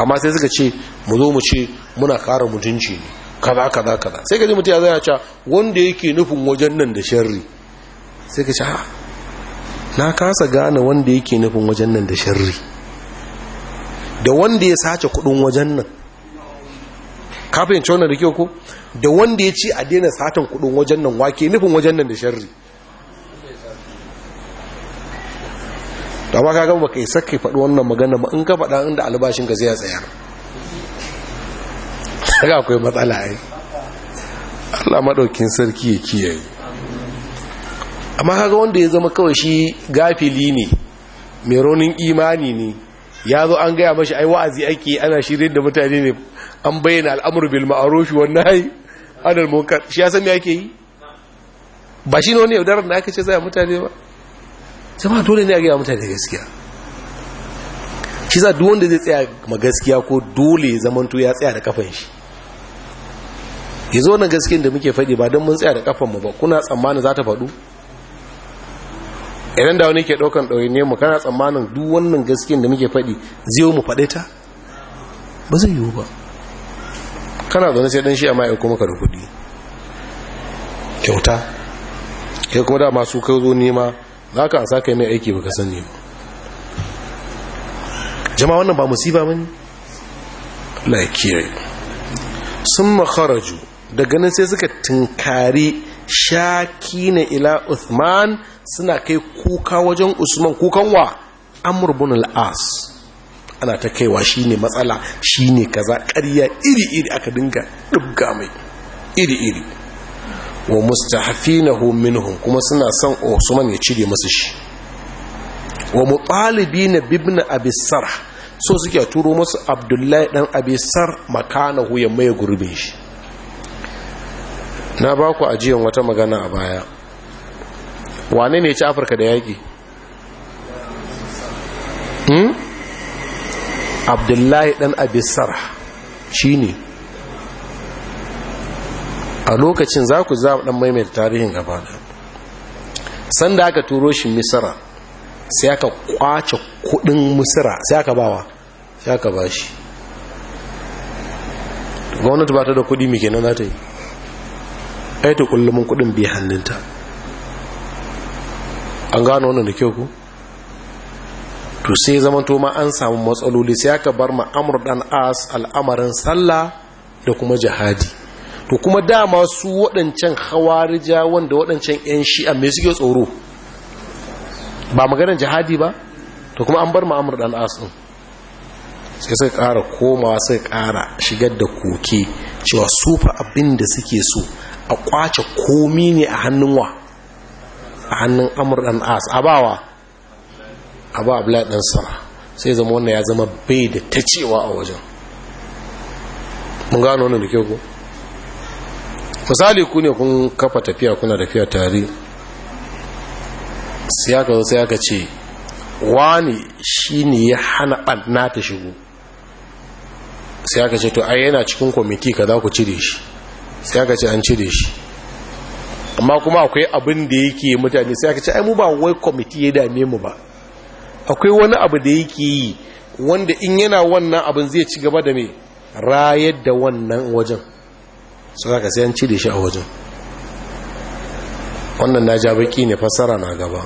amma sai suka ce mu zo mu ce muna kara mutunci ne kaza kaza kaza sai ka ji mutum ya zaya cewa wanda yake nufin wajen nan da sharri sai ka ce ha na kasa gane wanda yake nufin wajen nan da shirri da wanda ya sace kudin wajen nan kafin cewa da kyau ko da wanda ya ci a daina satan kudin wajen nan wake nufin wajen nan da shirri da gaba ka baka isa kai faɗi wannan magana ba in ka faɗa inda albashin ka zai tsayar Daga akwai matsala ai Allah madaukin sarki ya kiyaye amma haka wanda ya zama kawai shi gafili ne mai raunin imani ne ya zo an gaya mashi ai wa'azi ake ana shirin da mutane ne an bayyana al'amur bil ma'ruf wannan hai anil munkar shi ya san me yake yi ba shi ne wani yaudarar da aka ce zai mutane ba jama'a dole ne a gaya mutane gaskiya shi za duk wanda zai tsaya ma gaskiya ko dole ya zamanto ya tsaya da kafan shi ya zo wannan gaskiyar da muke faɗi ba don mun tsaya da kafan mu ba kuna tsammanin za ta faɗu idan da wani ke ɗaukan ne mu kana tsammanin duk wannan gaskiyar da muke faɗi zai mu faɗe ta ba zai yiwu ba kana zaune sai dan shi a ya maka da kuɗi kyauta kai kuma da masu kai zo nema za ka ansa kai mai aiki baka sani ba jama'a wannan ba musiba ba ne la kiyaye sun makaraju da ganin sai suka tunkari shaki na ila Uthman suna kai kuka wajen Usman kukan wa Amr al ana ta kaiwa shine matsala shine kaza ƙarya iri-iri aka dinga dubga mai iri-iri wa na minhum kuma suna son Usman ya cire masu shi wa mutalibina na bibna Abisar so suke turo masu Abdullahi dan Abisar makana makanahu ya maye gurbin shi na ba ku ajiyon wata magana a baya wane ne ci afirka da yaƙi hmm? abdullahi ɗan abisar shi ne a lokacin za ku za ɗan maimaita tarihin gaba da sanda aka turo shi misira sai aka kwace kudin misira sai aka bawa sai aka ba shi gwamnati ba ta da kudi mike kenan za ta yi ai ta kullumin kudin bi hannunta an gano wannan da kyau ku to sai zaman to ma an samu matsaloli sai aka bar ma'amur dan as al'amarin sallah da kuma jihadi to kuma dama su waɗancan hawarija wanda waɗancan yan shi'a me suke tsoro ba maganar jihadi ba to kuma an bar ma'amur dan as din sai suka ƙara komawa suka ƙara shigar da koke cewa su fa abin da suke so a kwace komi ne a hannun wa a hannun amur dan as a bawa a ba abla dan sara sai zama wannan ya zama bai da ta cewa a wajen mun gano wannan da kyau ko misali ku ne kun kafa tafiya kuna tafiya tare sai aka zo sai aka ce wani shine ya hana ɓanna ta shigo sai aka ce to ai yana cikin kwamiti za ku cire shi sai aka ce an cire shi amma kuma akwai abin da yake mutane sai aka ce ai mu ba wai kwamiti ya dame mu ba akwai wani abu da yake yi wanda in yana wannan abin zai ci gaba da mai rayar da wannan wajen su aka sai an cire shi a wajen wannan na ja baki ne fasara na gaba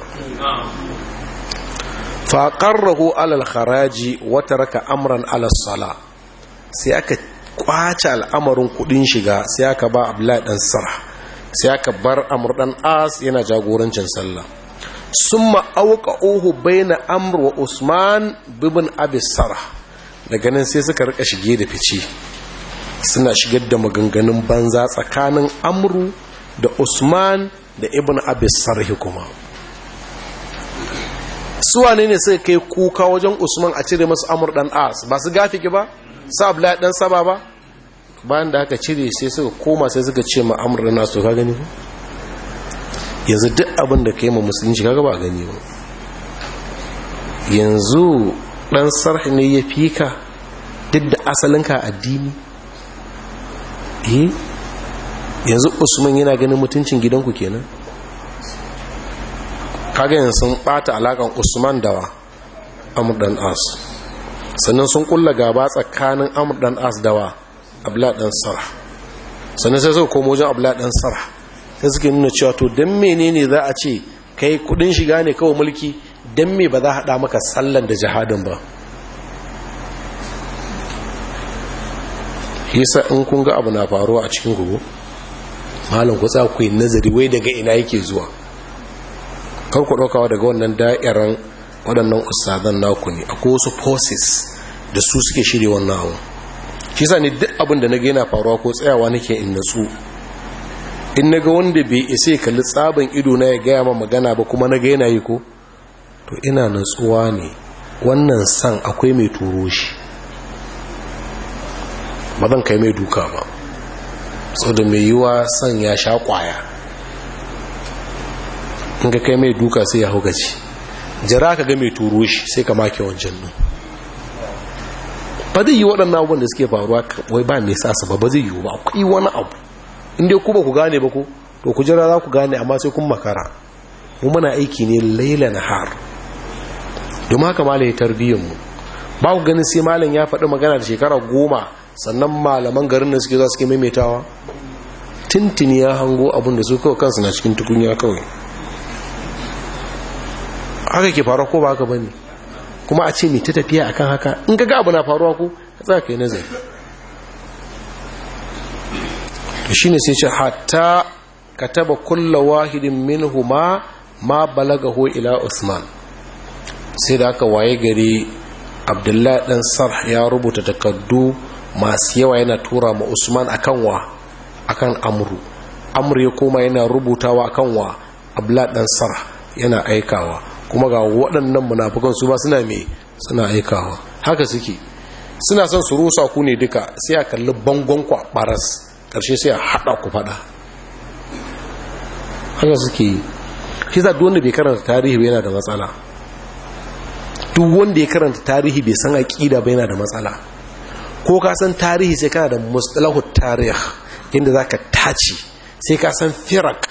faƙarrahu alal haraji wata raka amran alasala. sai aka kwace al'amarin kudin shiga sai aka ba abdullahi dan sara sai aka bar amr as yana jagorancin sallah sun ma'auka uhu baina amr wa usman ibn abi sarah daga nan sai suka rika shige da fice suna shigar da maganganun banza tsakanin amru da usman da ibn abi sarh kuma suwa ne suka kai kuka wajen usman a cire masu amur dan as ba su gafi ba sa abla dan saba ba bayan da aka cire sai suka koma sai suka ce ma amrun nasu ka gani ba yanzu duk abin da ka yi ma musulunci kaga ba gani ba yanzu dan sarhi ne ya fika duk da asalinka addini eh yanzu usman yana ganin mutuncin gidanku kenan kaga yanzu sun bata alakan usman dawa amur dan sannan sun kulla gaba tsakanin amur dan as dawa sannan sai suka komo wajen abla dan sarh sai suke nuna cewa to dan menene za a ce kai kudin shiga ne kawai mulki dan me ba za a hada maka sallan da jihadin ba yasa in kun ga abu na faruwa a cikin gugu malam ku tsaya ku yi nazari wai daga ina yake zuwa kar ku ɗaukawa daga wannan da'iran waɗannan ustazan naku ne akwai wasu forces da su suke shirya wannan abu shi sa ne duk abin da na ga yana faruwa ko tsayawa nake in natsu in naga wanda bai isa kalli tsaban ido na ya gaya ma magana ba kuma na yana yi ko to ina natsuwa ne wannan san akwai mai turo shi ba zan kai mai duka ba sau da mai yiwa san ya sha kwaya in ka kai mai duka sai ya hau gaci jira ka ga mai turo shi sai ka make wancan nan ba zai yi waɗannan abubuwan da suke faruwa wai ba mai sasa ba ba zai yi ba akwai wani abu inda ku ba ku gane ba ku to ku jira za ku gane amma sai kun makara mu muna aiki ne laila har domin haka malam ya tarbiyyar mu ba ku ganin sai malam ya faɗi magana da shekara goma sannan malaman garin da suke za suke maimaitawa tintini ya hango abin da su kawai kansu na cikin tukunya kawai haka ke faruwa ko ba haka bane kuma a ce mai ta tafiya akan haka in ga abu na faruwa ko za ka yi nazari shi ne sai ce hatta ka taba kulla wahidin min ma ma ho ila usman sai da aka waye gari abdullahi dan sarh ya rubuta takardu masu yawa yana tura ma usman akan wa akan amru amru ya koma yana rubutawa akan wa abdullahi dan sarh yana aikawa kuma ga waɗannan munafukan su ba suna mai suna aikawa haka suke suna son su rusa ku ne duka sai a kalli bangon ku a baras ƙarshe sai a haɗa ku faɗa haka suke shi za duk wanda bai karanta tarihi yana da matsala duk wanda ya karanta tarihi bai san aƙida ba yana da matsala ko ka san tarihi sai kana da mustalahu tarih inda za ka tace sai ka san firak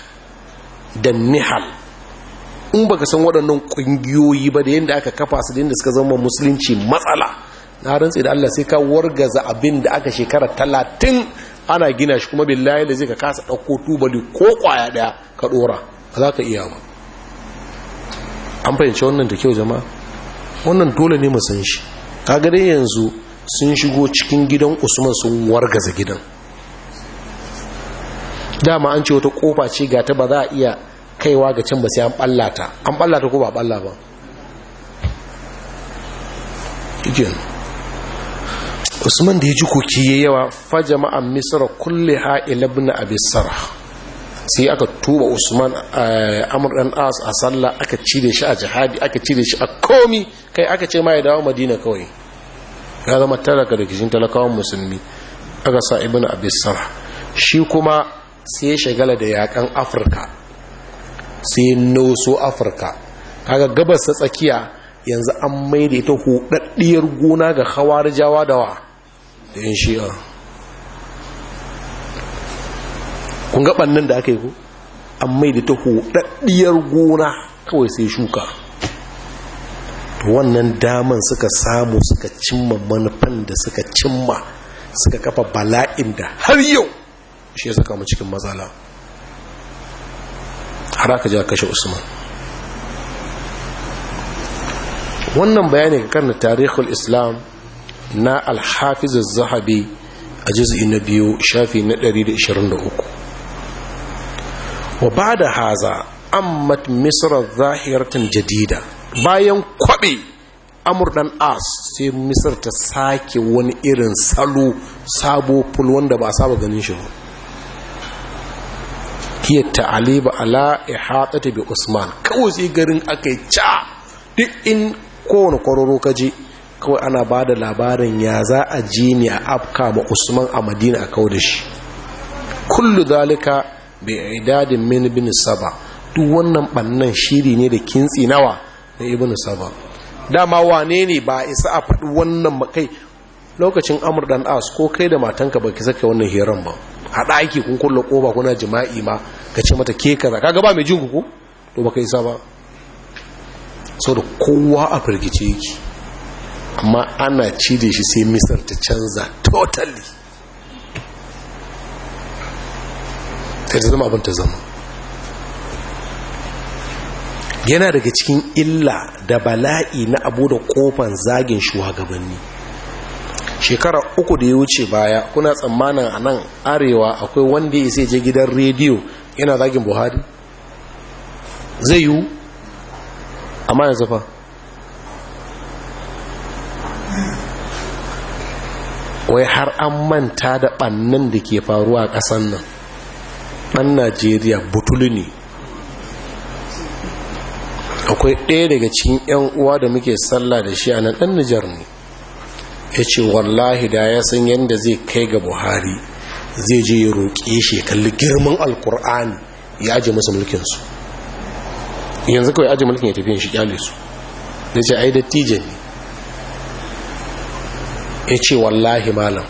da nihal in baka san waɗannan ƙungiyoyi ba da yadda aka kafa su da yadda suka zama musulunci matsala na rantsi da Allah sai ka wargaza abin da aka shekara talatin ana gina shi kuma billahi da zai ka kasa ɗauko tubali ko ƙwaya ɗaya ka ɗora ba za ka iya ba an fahimci wannan da kyau jama'a wannan dole ne mu san shi ka dai yanzu sun shigo cikin gidan usman sun wargaza gidan dama an ce wata kofa ce ga ta ba za a iya kaiwa ga can ba sai an ballata an ballata ko ba balla ba usman da ya ji koki ya yawa fa jama'an misra kulli ha abi abisara sai aka tuba usman eh, amr dan as a sallah aka cire shi a jihadi aka cire shi a komi kai aka ce ma ya dawo madina kawai ya zama talaka da kishin talakawan musulmi aka sa ibn abisara shi kuma sai ya shagala da yakan afirka sai noso afirka kaga gabas ta tsakiya yanzu an maida ita hudaddiyar gona ga hawar jawa dawa da yan shi'a kun gaban nan da aka yi ku an maida ta hudaddiyar gona kawai sai shuka wannan daman suka samu suka cimma manufan da suka cimma suka kafa bala'in da har yau shi ya saka mu cikin matsala har aka ja kashe usman wannan bayani kan na tarihul islam na alhafiz zahabi a juz'i na biyu shafi na 123 wa ba da haza ammat misra zahiratan jadida bayan kwabe amur dan as sai misir ta sake wani irin salo sabo ful wanda ba saba ganin shi ba hiya ta'aliba ala ta bi usman kawai sai garin aka yi ca duk in kowane kwararo ka je kawai ana ba da labarin ya za a ji ne a afka ma usman a madina a kawo da shi kullu zalika bi idadin min bin saba duk wannan bannan shiri ne da kintsi nawa na ibn saba dama wane ne ba isa a faɗi wannan makai lokacin amur dan as ko kai da matanka ba ki saka wannan hiran ba hada aiki kun kulla ƙoba kuna jima'i ma ka ce mata ke kaza kaga ba mai jin ku to baka isa ba sau da kowa a firgice yake amma ana cide shi sai misar ta canza totally ta zama abin ta zama yana daga cikin illa da bala'i na abu da kofan zagin shugabanni shekara uku da ya wuce baya kuna tsammanin a nan arewa akwai wanda ya sai je gidan rediyo yana zagin buhari zai yiwu amma yanzu fa wai har an manta da ɓannan da ke faruwa a ƙasan nan ɗan najeriya butulu ne akwai ɗaya daga cikin 'yan uwa da muke sallah da shi a nan ɗan nijar ne ya ce wallahi da ya san yadda zai kai ga buhari zai je ya roƙe shi kalli girman alkur'ani ya aji masa mulkinsu yanzu kawai aji mulkin ya tafiye shi kyale su da ce ai dattijan ne ya ce wallahi malam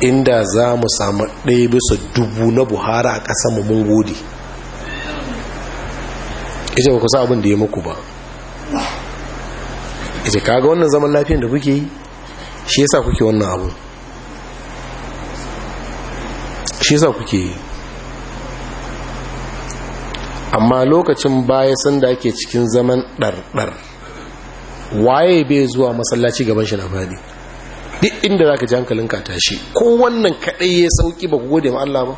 inda za mu samu ɗaya bisa dubu na buhari a ƙasa mu mun gode ce ba ku sa abin da ya muku ba ita kaga wannan zaman lafiyan da kuke yi shi yasa kuke wannan abu shi yasa kuke yi amma lokacin baya sanda ake cikin zaman ɗarɗar waye bai zuwa masallaci gaban shi na fadi duk inda za ka ji hankalinka tashi ko wannan kaɗai ya sauƙi ba ku gode ma Allah ba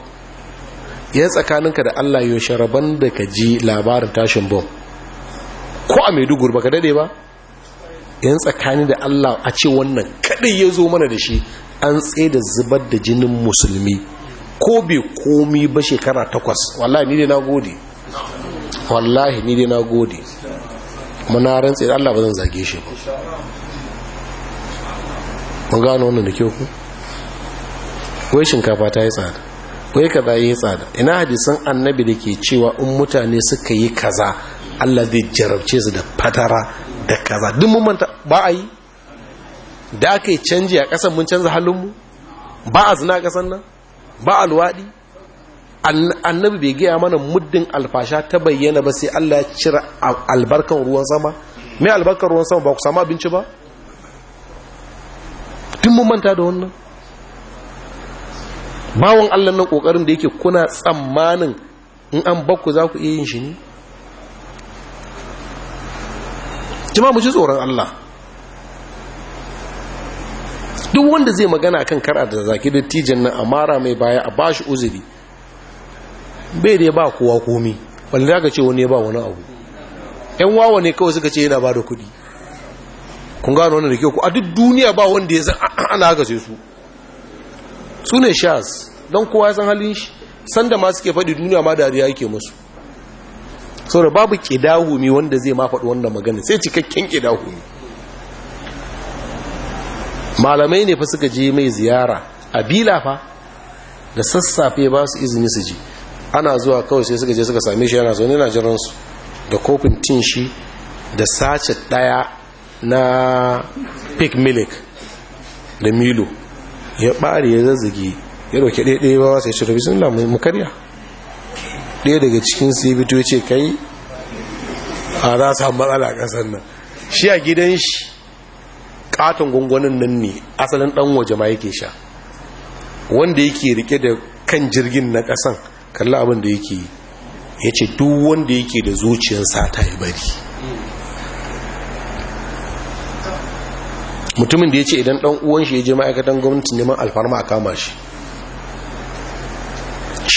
ya tsakaninka da Allah yau sharaban da ka ji labarin tashin bom ko a maiduguri ba ka daɗe ba yan tsakani da Allah a ce wannan kadai ya zo mana da shi an tsaye da zubar da jinin musulmi ko bai komi ba shekara takwas wallahi ni dai na gode wallahi ni dai na gode muna rantse da Allah ba zan zage shi ba mun gano wannan da kyau ku wai shinkafa ta yi tsada wai kaza yi tsada ina hadisan annabi da ke cewa in mutane suka yi kaza Allah zai jarabce su da fatara da kaza duk mun manta ba a yi da aka yi canji a ƙasar mun canza halinmu ba a zina a ƙasar nan ba a luwaɗi annabi bai gaya mana muddin alfasha ta bayyana ba sai Allah ya cire albarkan ruwan sama me albarkan ruwan sama ba ku samu abinci ba duk mun manta da wannan bawon Allah nan kokarin da yake kuna tsammanin in an bakku za ku iya yin shi ne jama'a mu ji tsoron Allah duk wanda zai magana kan kara da zaki dattijan nan a mara mai baya a bashi uzuri bai da ya ba kowa komi wanda zaka ce wani ya ba wani abu yan wawa ne kawai suka ce yana ba da kuɗi kun gano wani da ke ku a duk duniya ba wanda ya san ana haka sai su su ne shas don kowa ya san halin shi sanda ma suke faɗi duniya ma dariya yake musu saboda babu kidahumi wanda zai ma faɗi wannan magana sai cikakken kidahumi malamai ne fa suka je mai ziyara a bila fa da sassafe ba su izini su ji ana zuwa kawai sai suka je suka same shi yana zaune na jiransu da kofin tin shi da sace daya na pig milk da milo ya ɓari ya zazzage ya roke ɗaya ɗaya ba sai shi rabi sun lamu mu karya ɗaya daga cikin su ya fito ce kai a za su matsala a ƙasar nan shi a gidan shi ƙaton gungunan nan ne asalin ɗan waje ma yake sha wanda yake rike da kan jirgin na ƙasan kalla abin da yake yi ya ce duk wanda yake da zuciyar sata ya bari mutumin da ya ce idan ɗan uwan shi ya je ma'aikatan gwamnati neman alfarma a kama shi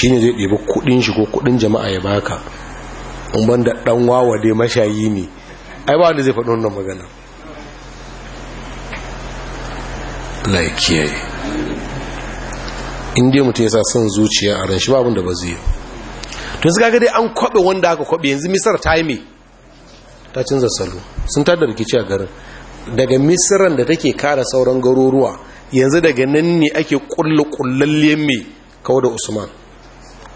ne zai ɗebi kudin shi ko kudin jama'a ya baka in da ɗan wawa dai mashayi ne ai ba wanda zai faɗi wannan magana laikiyaye inda mutum ya sa son zuciya a ran shi ba abin da ba zai yi to su kaga dai an kwabe wanda aka kwabe yanzu misar ta yi mai. ta canza salo sun tada rikici a garin daga misiran da take kara sauran garuruwa yanzu daga nan ne ake kullu kullalliyan mai kawo da usman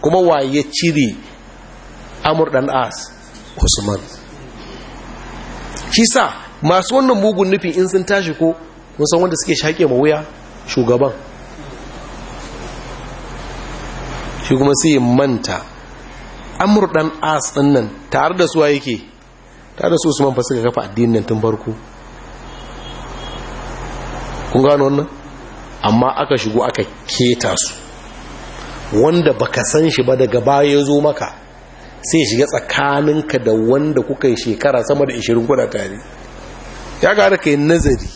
kuma waye cire amur dan as usman Kisa masu wannan mugun nufin in sun tashi ko musan wanda suke shaƙe ma wuya shugaban shi kuma sai manta amur dan as din nan tare da suwa yake tare da su usman fa suka kafa addinin nan tun farko kun gano wannan amma aka shigo aka keta su wanda baka san shi ba daga baya ya zo maka sai shiga tsakaninka da wanda kuka yi shekara sama da 20 kuna tare ya gara ka yi nazari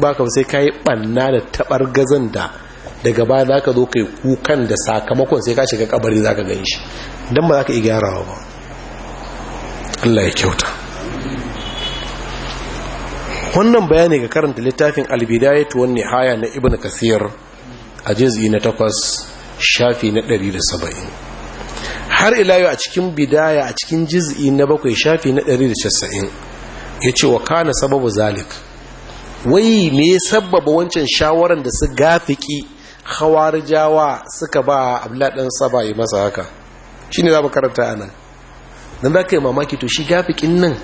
ba ka sai ka yi ɓanna da taɓar gazan da daga baya za ka zo ka yi kukan da sakamakon sai ka shiga kabari za ka gan shi don ba za ka yi gyarawa ba Allah ya kyauta wannan bayani ga karanta littafin albidayatu wani haya na ibn kasir a juz'i na takwas shafi na ɗari da saba'in har ila a cikin bidaya a cikin juz'i na bakwai shafi na ɗari da casa'in ya ce wa kana sababu zalik wai me sababa wancan shawaran da su gafiki jawa suka ba abladan saba yi masa haka shi ne za mu karanta a nan don za ka yi mamaki to shi gafikin nan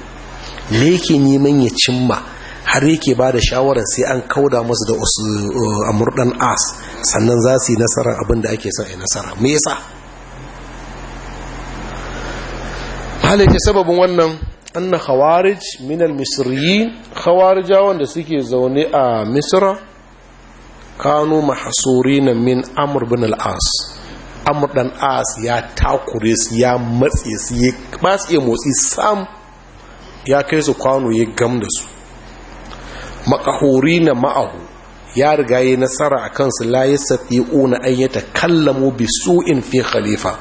me yake neman ya cimma har yake ba da shawarar sai an kauda masu da amurdan uh, as sannan za su yi nasara abin da ake sa a nasara mai yasa ke sababin wannan anna khawarij min al-misriyin khawarijawan suke zaune a misra kanu na min amur bin al'as as dan as ya takure su ya matse su ya iya motsi sam ya kai su kwano ya gam da su na ma'ahu ya riga yi nasara a kansu la una an yatakallamu bi su'in fi khalifa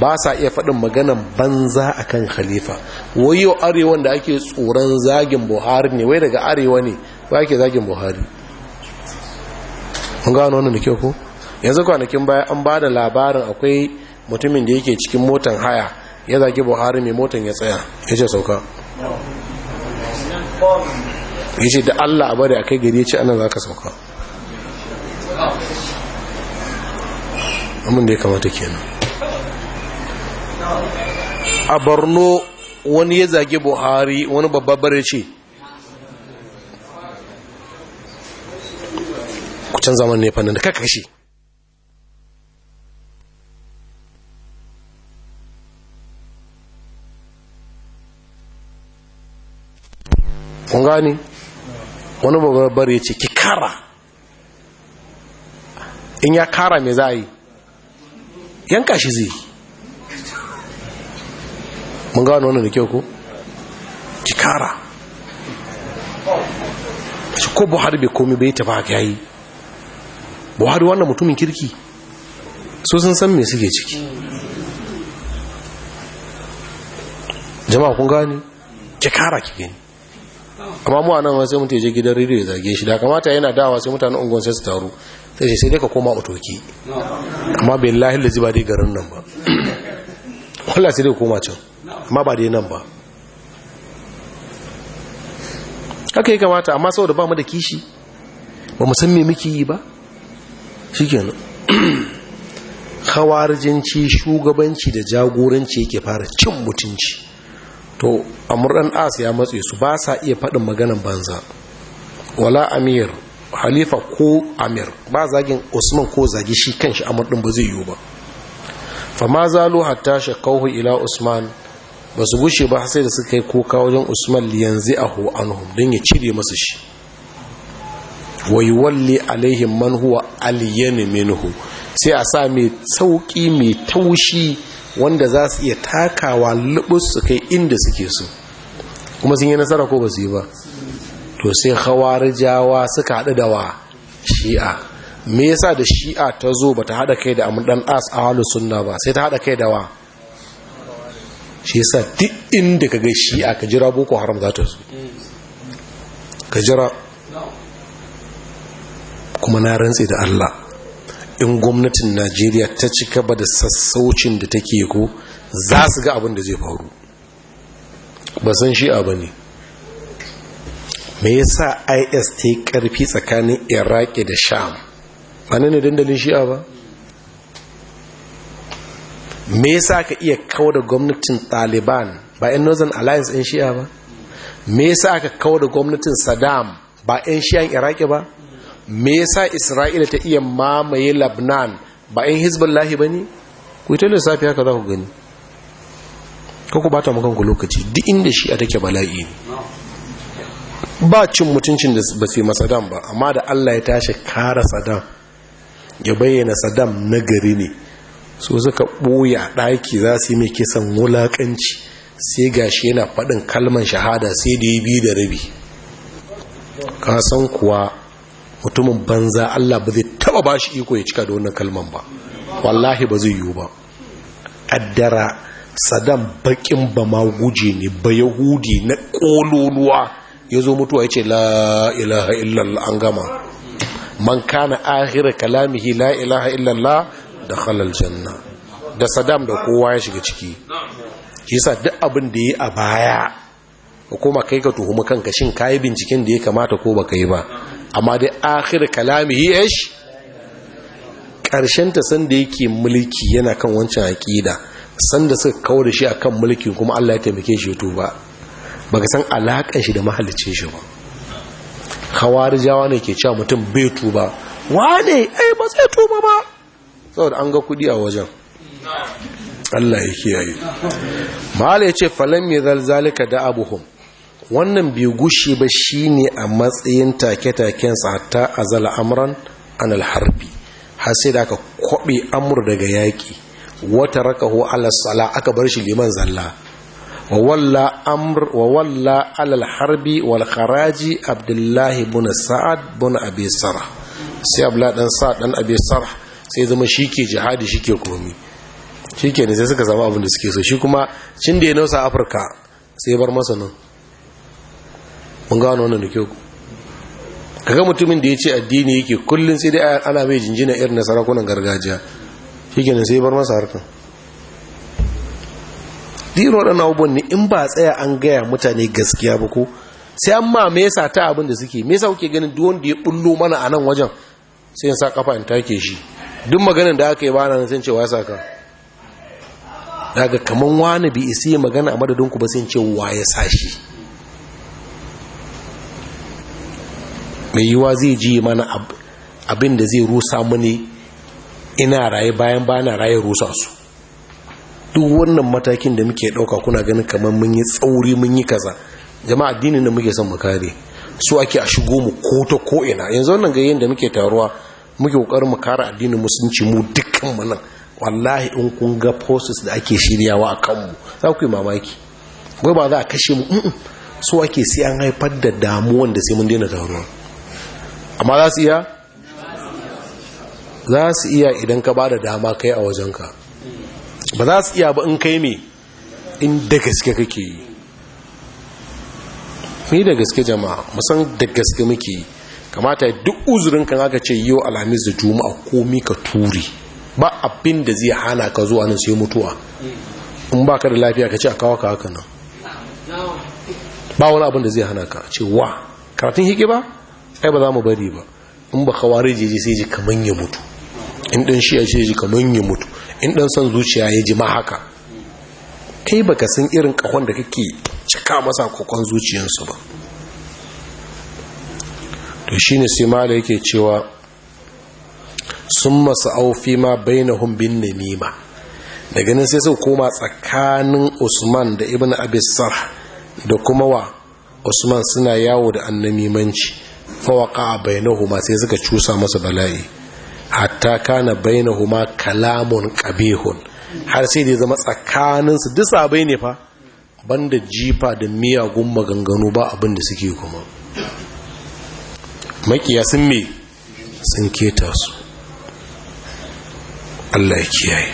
ba sa iya faɗin maganan banza a kan khalifa Wai wayo arewan da ake tsoron zagin buhari ne wai daga arewa ne ba ake zagin buhari mun gano wannan da kyau ko yanzu kwanakin baya an ba da labarin akwai mutumin da yake cikin motan haya ya zagi buhari mai motan ya tsaya ya ce sauka ya ce da allah a bari a kai gari ya ce anan za ka sauka abin da ya kamata kenan a borno wani ya zage buhari wani babbar ya ce kucin zaman ne fannin da kakashi kun gani wani babbar ya ce ki kara in ya kara mai za a yi yanka shi zai mun wani wannan da kyau ko ki kara shi ko buhari bai komi bai tafa haka yayi buhari wannan mutumin kirki so sun san me suke ciki jama'a kun gani ki kara ki gani amma mu anan sai mutum je gidan rediyo ya zage shi da kamata yana dawa sai mutanen ungon sai su taru sai sai dai ka koma otoki amma billahi lazi ba dai garin nan ba wallahi sai dai koma can amma ba dai nan ba haka yi kamata amma saboda ba mu da kishi ba mu san me muke yi ba shikenan hawarjinci shugabanci da jagoranci yake fara cin mutunci to amurdan as ya matse su ba sa iya faɗin maganan banza wala amir halifa ko amir ba zagin usman ko zagi shi kan shi amurdin ba zai yiwu ba fama zalo hatta shakauhu ila usman ba su gushe ba sai da suka yi kuka wajen usman zai a anhum don ya cire masu shi wai walli alaihim man huwa aliyyani minhu sai a sa mai sauƙi mai taushi wanda za su iya takawa lubus su kai inda suke so kuma sun yi nasara ko ba su yi ba to sai hawarijawa suka haɗu da wa shi'a me yasa da shi'a ta zo ba ta haɗa kai da amurɗan as a halu sunna ba sai ta haɗa kai da wa shi yasa duk inda ka ga shi'a ka jira boko haram za ta zo ka jira kuma na rantse da allah in gwamnatin najeriya ta cika ba da sassaucin da take ko za su ga abin da zai faru ba san shi abu ne me yasa is ta yi karfi tsakanin iraki da sham ba ne dandalin shi'a ba me yasa ka iya kawo da gwamnatin taliban ba 'yan northern alliance 'yan shi'a ba me yasa ka kawo da gwamnatin saddam ba 'yan shi'an iraki ba me yasa isra'ila ta iya mamaye labnan ba in hizballahi ba ne ku yi ta lissafi haka za ku gani ka ku bata makonku lokaci duk inda shi a take bala'i ne ba cin mutuncin da ba su yi masadam ba amma da allah ya tashi kara sadam ya bayyana sadam na gari ne so suka ɓoye a ɗaki za su yi mai kisan wulaƙanci sai gashi yana faɗin kalman shahada sai da ya bi da rabi kasan kuwa mutumin banza Allah ba zai taba ba shi iko ya cika da wannan kalman ba wallahi ba zai yiwu ba addara sadan baƙin ba ma guje ne ba yahudi na kololuwa ya zo mutuwa ya ce la ilaha illallah an gama man kana ahira kalamihi la ilaha illallah da halal janna da sadam da kowa ya shiga ciki shi sa duk abin da ya yi a baya ko ma kai ka tuhumi kanka shin kayi binciken da ya kamata ko ka yi ba amma dai akhir hi ish karshen ta sanda yake mulki yana kan wancan aqida sanda suka kawo da shi akan mulki kuma Allah ya taimake shi to ba baka san alakan shi da mahallicin shi ba khawarijawa ne ke cewa mutum bai tuba wane ai ba zai tuba ba saboda an ga kudi a wajen Allah ya kiyaye mala ce falam yazal zalika da abuhum wannan bai gushe ba shine a matsayin take-taken hatta zala amran an alharbi har sai da aka kwabe amur daga yaƙi wata rakahu alasala aka bar shi liman zalla wa walla alal harbi alharbi wal kharaji abdullahi buna sa'ad buna abi sarh sai abla dan sa'ad dan abi sarh sai zama shike jihadi shike komi shike ne sai suka zama abin da suke so shi kuma cin da ya nausa afirka sai bar masanin. mun gano wannan da kyau kaga mutumin da ya ce addini yake kullun sai dai ana mai jinjina irin na sarakunan gargajiya shi kenan sai bar masa harkar dino da abubuwan ne in ba tsaya an gaya mutane gaskiya ba ko sai an ma me yasa ta abin da suke me yasa kuke ganin duk wanda ya bullo mana a nan wajen sai in sa kafa in take shi duk maganar da aka yi ba nan sai ce wa ka? daga kaman wani bi isi magana a madadin ku ba sai ce wa ya sa shi mai yiwa zai ji mana abin da zai rusa mani ina raye bayan ba na raye rusa su duk wannan matakin da muke ɗauka kuna ganin kamar mun yi tsauri mun yi kaza jama'a addinin da muke son mu kare su ake a shigo mu ko ta ko ina yanzu wannan ga yanda muke taruwa muke kokarin mu kare addinin musulunci mu dukkan mu nan wallahi in kun ga process da ake shiryawa a kanmu za ku yi mamaki gwai ba za a kashe mu su ake sai an haifar da damuwan da sai mun daina taruwa amma za su iya za su iya idan ka ba da dama kai a wajenka ba za su iya ba in kai me in gaske kake yi ni da gaske jama'a musan da gaske muke yi kamata duk uzurin kan aka ce yau alhamis da juma'a komi ka turi ba abin da zai hana ka zuwa nan sai mutuwa in ba ka da lafiya ka ce a kawo ka haka nan ba wani abin da zai hana ka ce wa karatun hike ba ai ba za mu bari ba in ba kawarije ji sai ji kaman ya mutu in dan shi ce ji kaman ya mutu in dan san zuciya ya ji ma haka kai baka san irin kahon da kake cika masa kokon zuciyarsu ba to shine sai mala yake cewa sun masu aufi ma bainahum bin namima da ganin sai su koma tsakanin Usman da Ibn Abisar da kuma wa Usman suna yawo da annamimanci fawaka bainahuma sai suka cusa masa bala'i hatta kana bainahuma kalamun kabihun har sai da zama tsakanin su duk bai ne fa banda jifa da miyagun maganganu ba abin da suke kuma makiya sun me sun keta su Allah ya kiyaye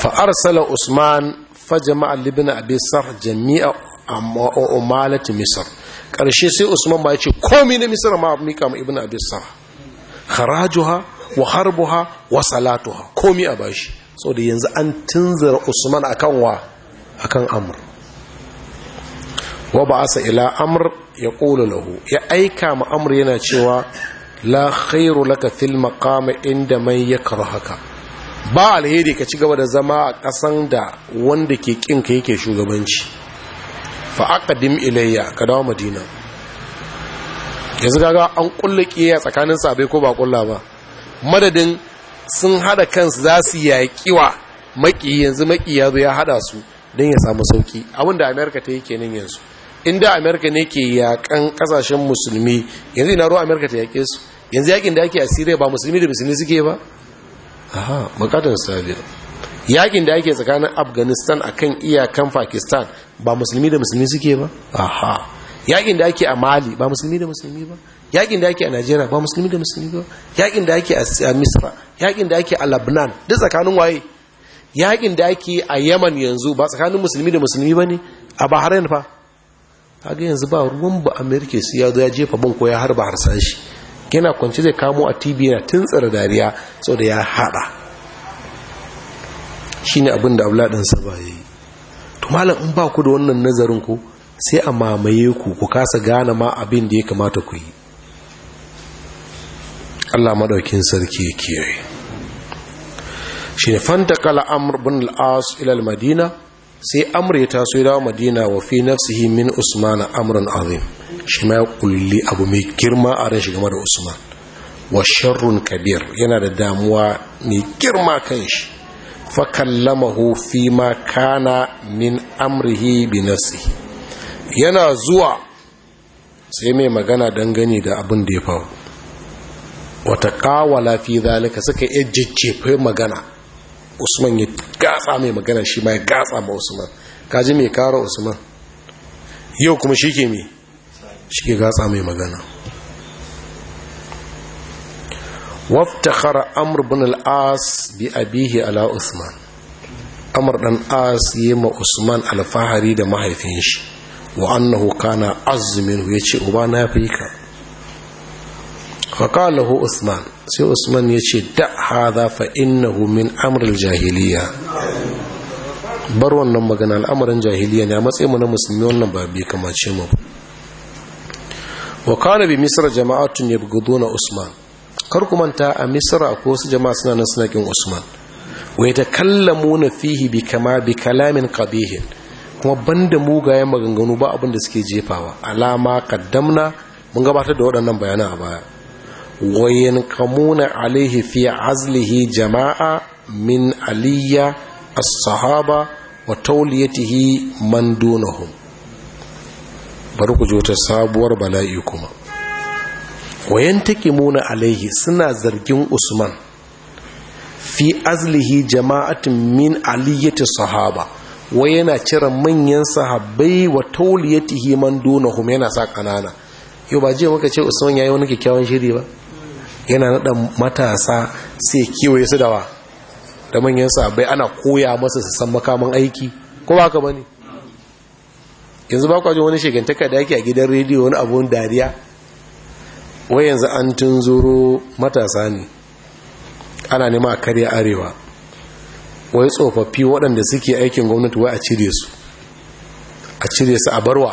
fa arsala usman fa jama'a libna abi sarh jami'a umalat misr ƙarshe sai usman ba ya ce komi na misira ma mika ma ibn abisa harajuha wa harbuha wa salatuha komi a bashi saboda yanzu an tunzira usman akan wa akan amr wa ba'asa ila amr ya ƙola lahu ya aika ma amr yana cewa la khairu laka fil maqam inda man haka. ba alheri ka ci gaba da zama a kasan da wanda ke kinka yake shugabanci fa’aƙadim ilayya ka dawo madina yanzu kaga an ƙulla ƙiyayya tsakanin sabai ko ba kulla ba madadin sun hada kansu za su yaƙiwa maƙi yanzu maki ya zo ya hada su don ya samu abin abinda amerika ta yi kenan yanzu inda amerika ne ke yaƙan ƙasashen musulmi yanzu ina ruwa amerika ta yaƙe su yanzu yaƙin da ake asiriya ba musulmi da musulmi suke ba aha makatar sabiya yakin da ake tsakanin afghanistan akan iyakan pakistan ba musulmi da musulmi suke ba aha yakin da ake a mali ba musulmi da musulmi ba yakin da ake a najeriya ba musulmi da musulmi ba yakin da ake a misra yakin da ake a labnan duk tsakanin waye yakin da ake a yaman yanzu ba tsakanin musulmi da musulmi ba ne a bahrain fa kaga yanzu ba ruwan ba amerika su ya zo ya jefa ban ko ya harba harsan shi yana kwanci zai kamo a tv na tun tsira dariya sau da ya hada shine abin da abla din ba yi to malam in ba ku da wannan nazarin ku sai a mamaye ku ku kasa gane ma abin da ya kamata ku yi Allah madaukin sarki ya kiyaye shine fantakala amr bin al-as ila al-madina sai amr ya taso ya dawo madina wa fi nafsihi min usman amran azim shi ma ya kulli abu mai girma a ran shi game da usman wa sharrun kabir yana da damuwa mai girma kan shi fakallamahu fi ma kana min amrihi bi nafsihi yana zuwa sai mai magana dangane da abin da ya faru wata kawala fi zalika suka iya jajjefe magana usman ya gatsa mai magana shi ma ya gatsa ma usman kaji mai kara usman yau kuma shi ke mai shi ke gatsa mai magana waftakhara amr bin al-as bi abihi ala usman amr dan as ma usman alfahari da mahaifin shi wa annahu kana azmin yace uba na fi ka hu usman sai usman yace da hadha fa innahu min amr al-jahiliya bar wannan magana al'amarin jahiliya ne a matsayin mu na musulmi wannan ba bai kamace mu ba wa kana bi misra jama'atun yabghuduna usman kar ku manta a misra ko wasu jama'a suna nan suna kin usman wa yatakallamuna fihi bi kama bi kalamin qabih kuma banda mugayen maganganu ba abin da suke jefawa alama kaddamna mun gabatar da waɗannan bayanan a baya wayan kamuna alaihi fi azlihi jama'a min Aliya as-sahaba wa tawliyatihi man dunahum bari ku ji wata sabuwar bala'i kuma wayan muna alaihi suna zargin usman fi azlihi jama'atin min aliyyati sahaba wai yana cire manyan sahabbai wa tauliyatihi man dunahum yana sa kanana yau ba je muka ce usman yayi wani kyakkyawan shiri ba yana nada matasa sai kiwaye su dawa da manyan sahabbai ana koya masa su san makaman aiki ko ba ka bane yanzu ba kwajin wani shegantaka da yake a gidan rediyo wani abun dariya wai yanzu an zuru matasa ne ana nema karya arewa wai tsofaffi waɗanda suke aikin gwamnati wai a cire su a cire su a barwa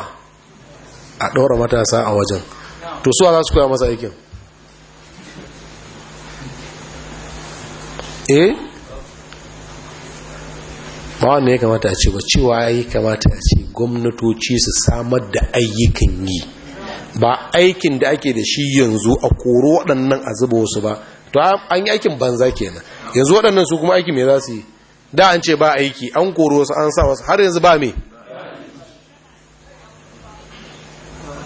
a ɗora matasa a wajen to suwa za su kuwa masa aikin eh ba wanda ya kamata a ce ba cewa ya yi kamata a ce gwamnatoci su samar da ayyukan yi ba aikin da ake da shi yanzu a koro waɗannan a zuba wasu ba to an yi aikin banza kenan yanzu waɗannan su kuma aiki mai za su yi da an ce ba aiki an koro wasu an sa wasu har yanzu ba me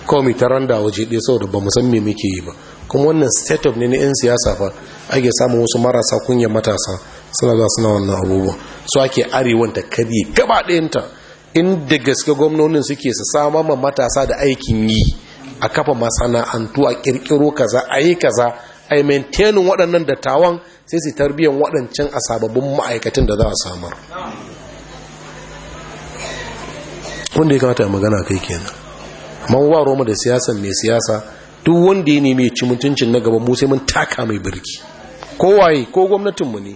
Komi ta randa waje ɗaya saboda ba san me muke yi ba kuma wannan state of ne na 'yan siyasa fa ake samun wasu marasa kunyar matasa suna za suna wannan abubuwa su ake arewan ta kari gaba ɗayanta inda gaske gwamnonin suke su samar ma matasa da aikin yi a kafa masana'antu a kirkiro kaza a yi kaza a yi maintainin waɗannan dattawan sai su tarbiyyar waɗancan a sababbin ma'aikatan da za a samar wanda ya kamata magana kai kenan amma wa roma da siyasa mai siyasa duk wanda ya nemi ci mutuncin na gaba mu sai mun taka mai birki kowaye ko gwamnatinmu ne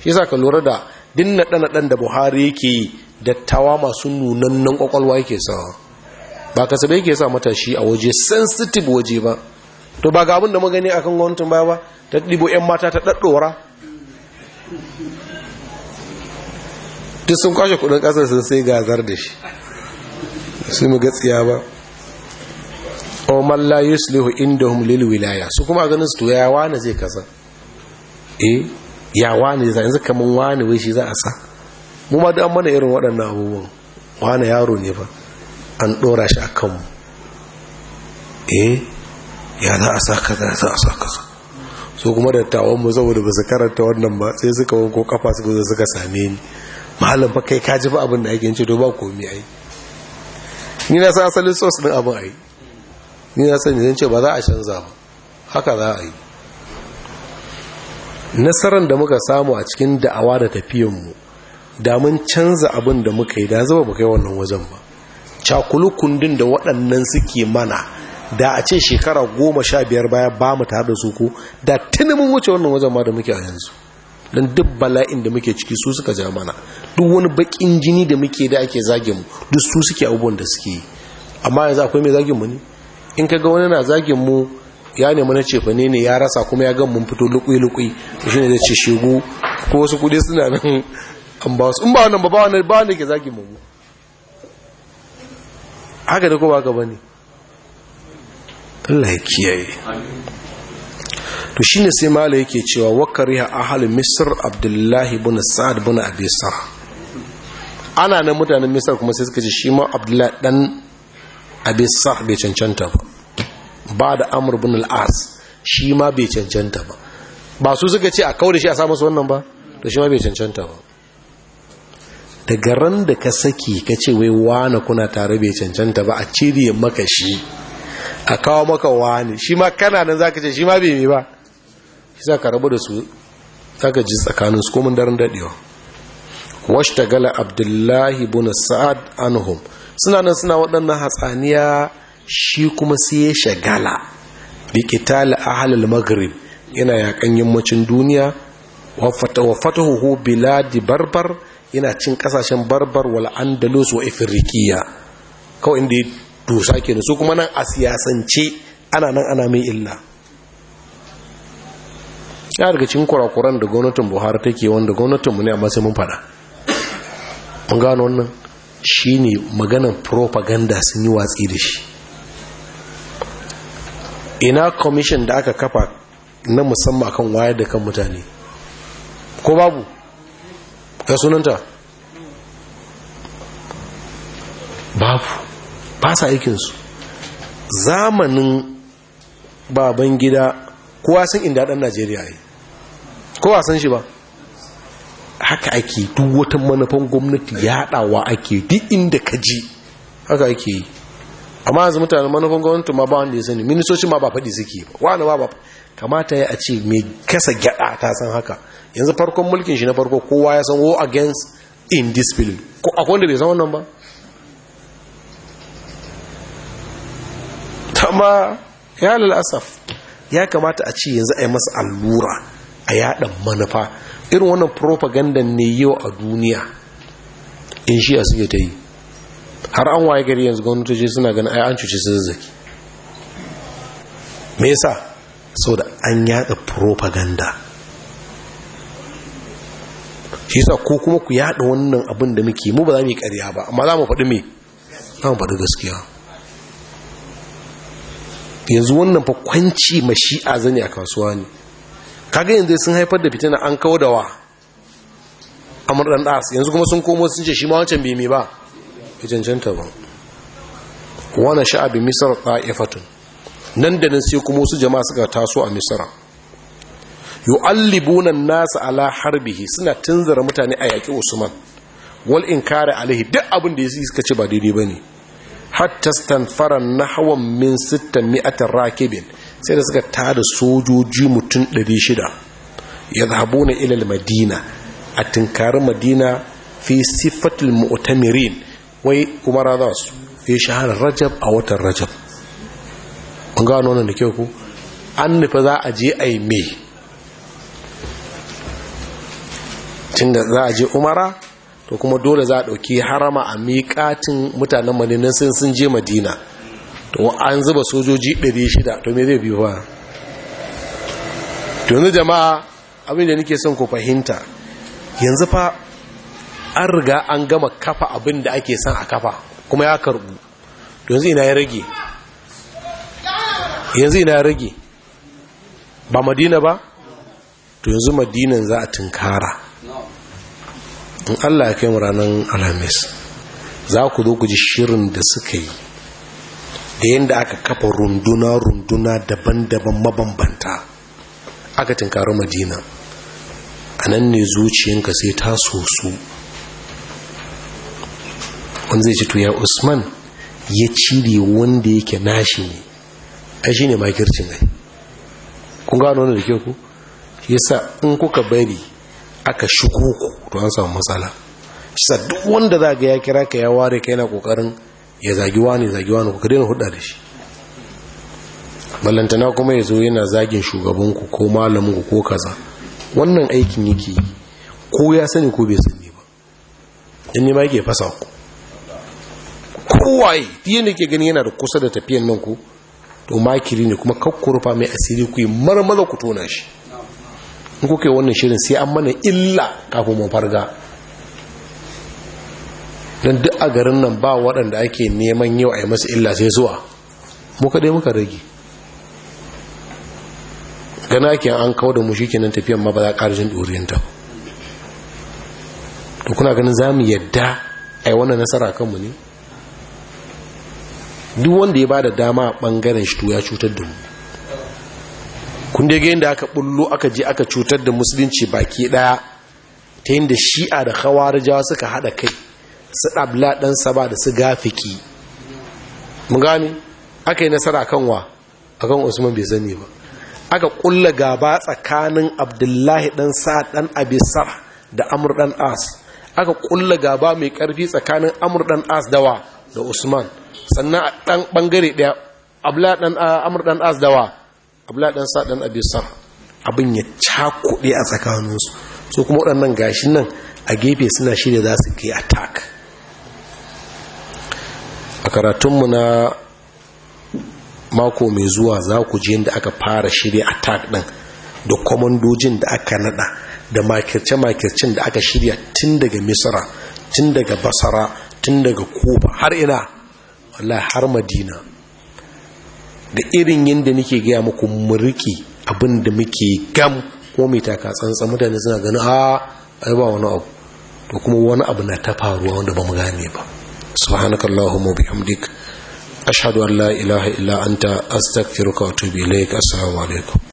shi yasa ka lura da din naɗe ɗan da buhari yake yi dattawa masu nunannan ƙwaƙwalwa yake sawa ba kasabai ke sa matashi a waje sensitive waje ba to ba ga abin da magani akan gwamnatin baya ba ta ɗibo 'yan mata ta ɗaɗɗora duk sun kwashe kudin ƙasar sun sai gazar da shi sun mu gatsiya ba o malla yuslihu indahum lil wilaya su kuma ganin su to ya wani zai kasa eh ya wani zai yanzu kaman wani wai shi za a sa mu ma duk an mana irin waɗannan abubuwan wani yaro ne ba. an ɗora shi a kanmu eh ya za a sa kaza za a sa kaza so kuma dattawan mu saboda ba su karanta wannan ba sai suka wanko kafa su zo suka same ni malam ba kai kaji ba abin da ake yin ce to ba komai ai ni na sa asalin source din abin ai ni na sani zan ce ba za a canza ba haka za a yi nasarar da muka samu a cikin da'awa da tafiyanmu da mun canza abin da muka yi da zama ba kai wannan wajen ba cakulukundin da waɗannan suke mana da a ce shekara goma sha biyar baya ba mu tare da su ko da tuni mun wuce wannan wajen ma da muke a yanzu don duk bala'in da muke ciki su suka ja mana duk wani bakin jini da muke da ake zage mu duk su suke abubuwan da suke amma yanzu akwai mai zagin mu ne in ka ga wani na zagin mu ya nemi na cefa ne ne ya rasa kuma ya ga mun fito lukui-lukui ne zai ce shegu ko wasu kudi suna nan an ba wasu in ba wannan ba ba wannan ba wanda ke zagin mu haka da kowa gaba ne Allah ya kiyaye to shine sai mala yake cewa a ahalin misir abdullahi buna sa'ad buna Abisar. ana nan mutanen misir kuma sai suka ce shi ma abdullahi dan Abisar bai cancanta ba ba da amur ibn al'as as shi ma bai cancanta ba ba su suka ce a da shi a samun su wannan ba to shi ma bai cancanta ba daga ran da ka saki ka ce wai wane kuna tare bai cancanta ba a cire maka shi a kawo maka wane shi ma kana nan za ka ce shi ma bai mai ba shi za ka rabu da su za ka ji tsakanin su komin daren daɗewa wash abdullahi bin sa'ad anuhum suna nan suna waɗannan hatsaniya shi kuma sai ya shagala bikitali ahalul maghrib yana yakan yammacin duniya wa fatahu biladi barbar yana cin kasashen barbar wal andalus wa ifriqiya kawai inda ya dusa ke su kuma nan a siyasance ana nan ana mai illa ya daga cin kurakuran da gwamnatin buhari take wanda gwamnatinmu ne amma sai mun fada mun gano wannan shine maganan propaganda sun yi watsi da shi ina commission da aka kafa na musamman kan wayar da kan mutane ko babu ga sunanta babu ba sa aikinsu zamanin baban gida kowa san inda dan najeriya yi kowa san shi ba haka ake duk wata manufan gwamnati yaɗawa ake duk inda ka ji haka ake yi amma yanzu mutane manufan gwamnati ma ba wanda ya sani ministoci ma ba faɗi suke ba wani ba kamata ya a ce mai kasa gyada ta san haka yanzu farkon mulkin shi na farko kowa ya san war against indiscipline ko akwai wanda bai san wannan ba ma ya lalasaf ya kamata a ci yanzu a yi masa allura a yada manufa irin wannan propaganda ne yau a duniya in shi a suke ta yi har an waye gari yanzu ce suna ganin ai an cuci zazzaki me yasa da an yada propaganda shi yasa ko kuma ku yada wannan abin da muke mu ba za mu yi ƙarya ba amma za mu faɗi me za mu faɗi gaskiya yanzu wannan fa kwanci mashi'a zane a kasuwa ne kaga yanzu sun haifar da fitina an kawo da wa amur dan das yanzu kuma sun komo sun ce shi ma wancan bai mai ba ya cancanta ba wana sha'abi misr fatun. nan da nan sai kuma wasu jama'a suka taso a misra yu'allibuna nasu ala harbihi suna tunzara mutane a yaƙi usman wal kare alaihi duk abin da ya suka ce ba daidai ba ne hatta stanfara hawan min mi'atan rakibin sai da suka tada sojoji mutum ɗari 600 zahabu na ilal madina a tinkari madina fi sifatul mu'tamirin wai umara za su fi shahar rajab a watan rajab kun gano wannan da kyau ku an nufa za a je a yi mai tunda za a je umara to kuma dole za a ɗauki harama a miƙatin mutanen madina sun sun je madina to an zuba sojoji 600 to me zai biyu ba to yanzu jama'a abin da nake son ku fahimta yanzu fa an riga an gama kafa abin da ake son a kafa kuma ya karbu to yanzu ina ya rage yanzu ina ya rage ba madina ba to yanzu madinan za a tunkara in allah ya kai mu ranar alhamis za ku zo ku ji shirin da suka yi da yadda aka kafa runduna-runduna daban-daban mabambanta aka tinkari madina a nan ne zuciyanka sai ta soso wanda zai ci tuya usman ya cire wanda yake nashi ne a shi ne makircin ne, kun gano wani da ke ku yasa in kuka bari aka shigo ku to an samu matsala shi duk wanda za ga ya kira ka ya ware ka yana kokarin ya zagi wani zagi wani ku daina hudda da shi ballantana kuma ya zo yana zagin shugaban ku ko malamin ku ko kaza wannan aikin yake ko ya sani ko bai sani ba in ma yake fasa ku kowaye fiye ne ke gani yana da kusa da tafiyan nan ku to makiri ne kuma kakkurufa mai asiri ku yi marmaza ku tona shi in kuka yi wannan shirin sai an mana illa kafin mu farga don duk a garin nan ba waɗanda ake neman yau a yi masu illa sai zuwa muka dai muka rage gana ke an kawo da mu shi kenan tafiyan ma ba za a ƙarjin ɗorinta to kuna ganin za mu yadda a yi wannan nasara kanmu ne duk wanda ya ba da dama a ɓangaren shi to ya cutar da mu kun dai yadda aka bullo aka je aka cutar da musulunci baki daya ta yadda shi'a da jawa suka hada kai su ɗabla dan saba da su gafiki mun gani aka yi nasara kan wa akan usman bai sani ba aka kulla gaba tsakanin abdullahi ɗan sa'ad ɗan abisar da amur dan as aka kulla gaba mai karfi tsakanin amur dan as dawa da usman sannan a ɗan ɓangare ɗaya abla dan amur dan as dawa abla dan sa dan abi abin ya cakuɗe a tsakaninsu su kuma waɗannan gashin nan a gefe suna shirya za su kai attack a karatunmu na mako mai zuwa za ku ji inda aka fara shirya attack ɗin da kwamandojin da aka nada da makirce-makircin da aka shirya tun daga misra tun daga basara tun daga kufa har ina wallahi har madina da irin yadda nake gaya muku muriki abin da muke gam ko mai taka tsantsan mutane suna ganin a ai ba wani abu to kuma wani abu na ta faruwa wanda ba mu gane ba subhanakallahumma bihamdik ashhadu an la ilaha illa anta astaghfiruka wa atubu ilaik assalamu alaikum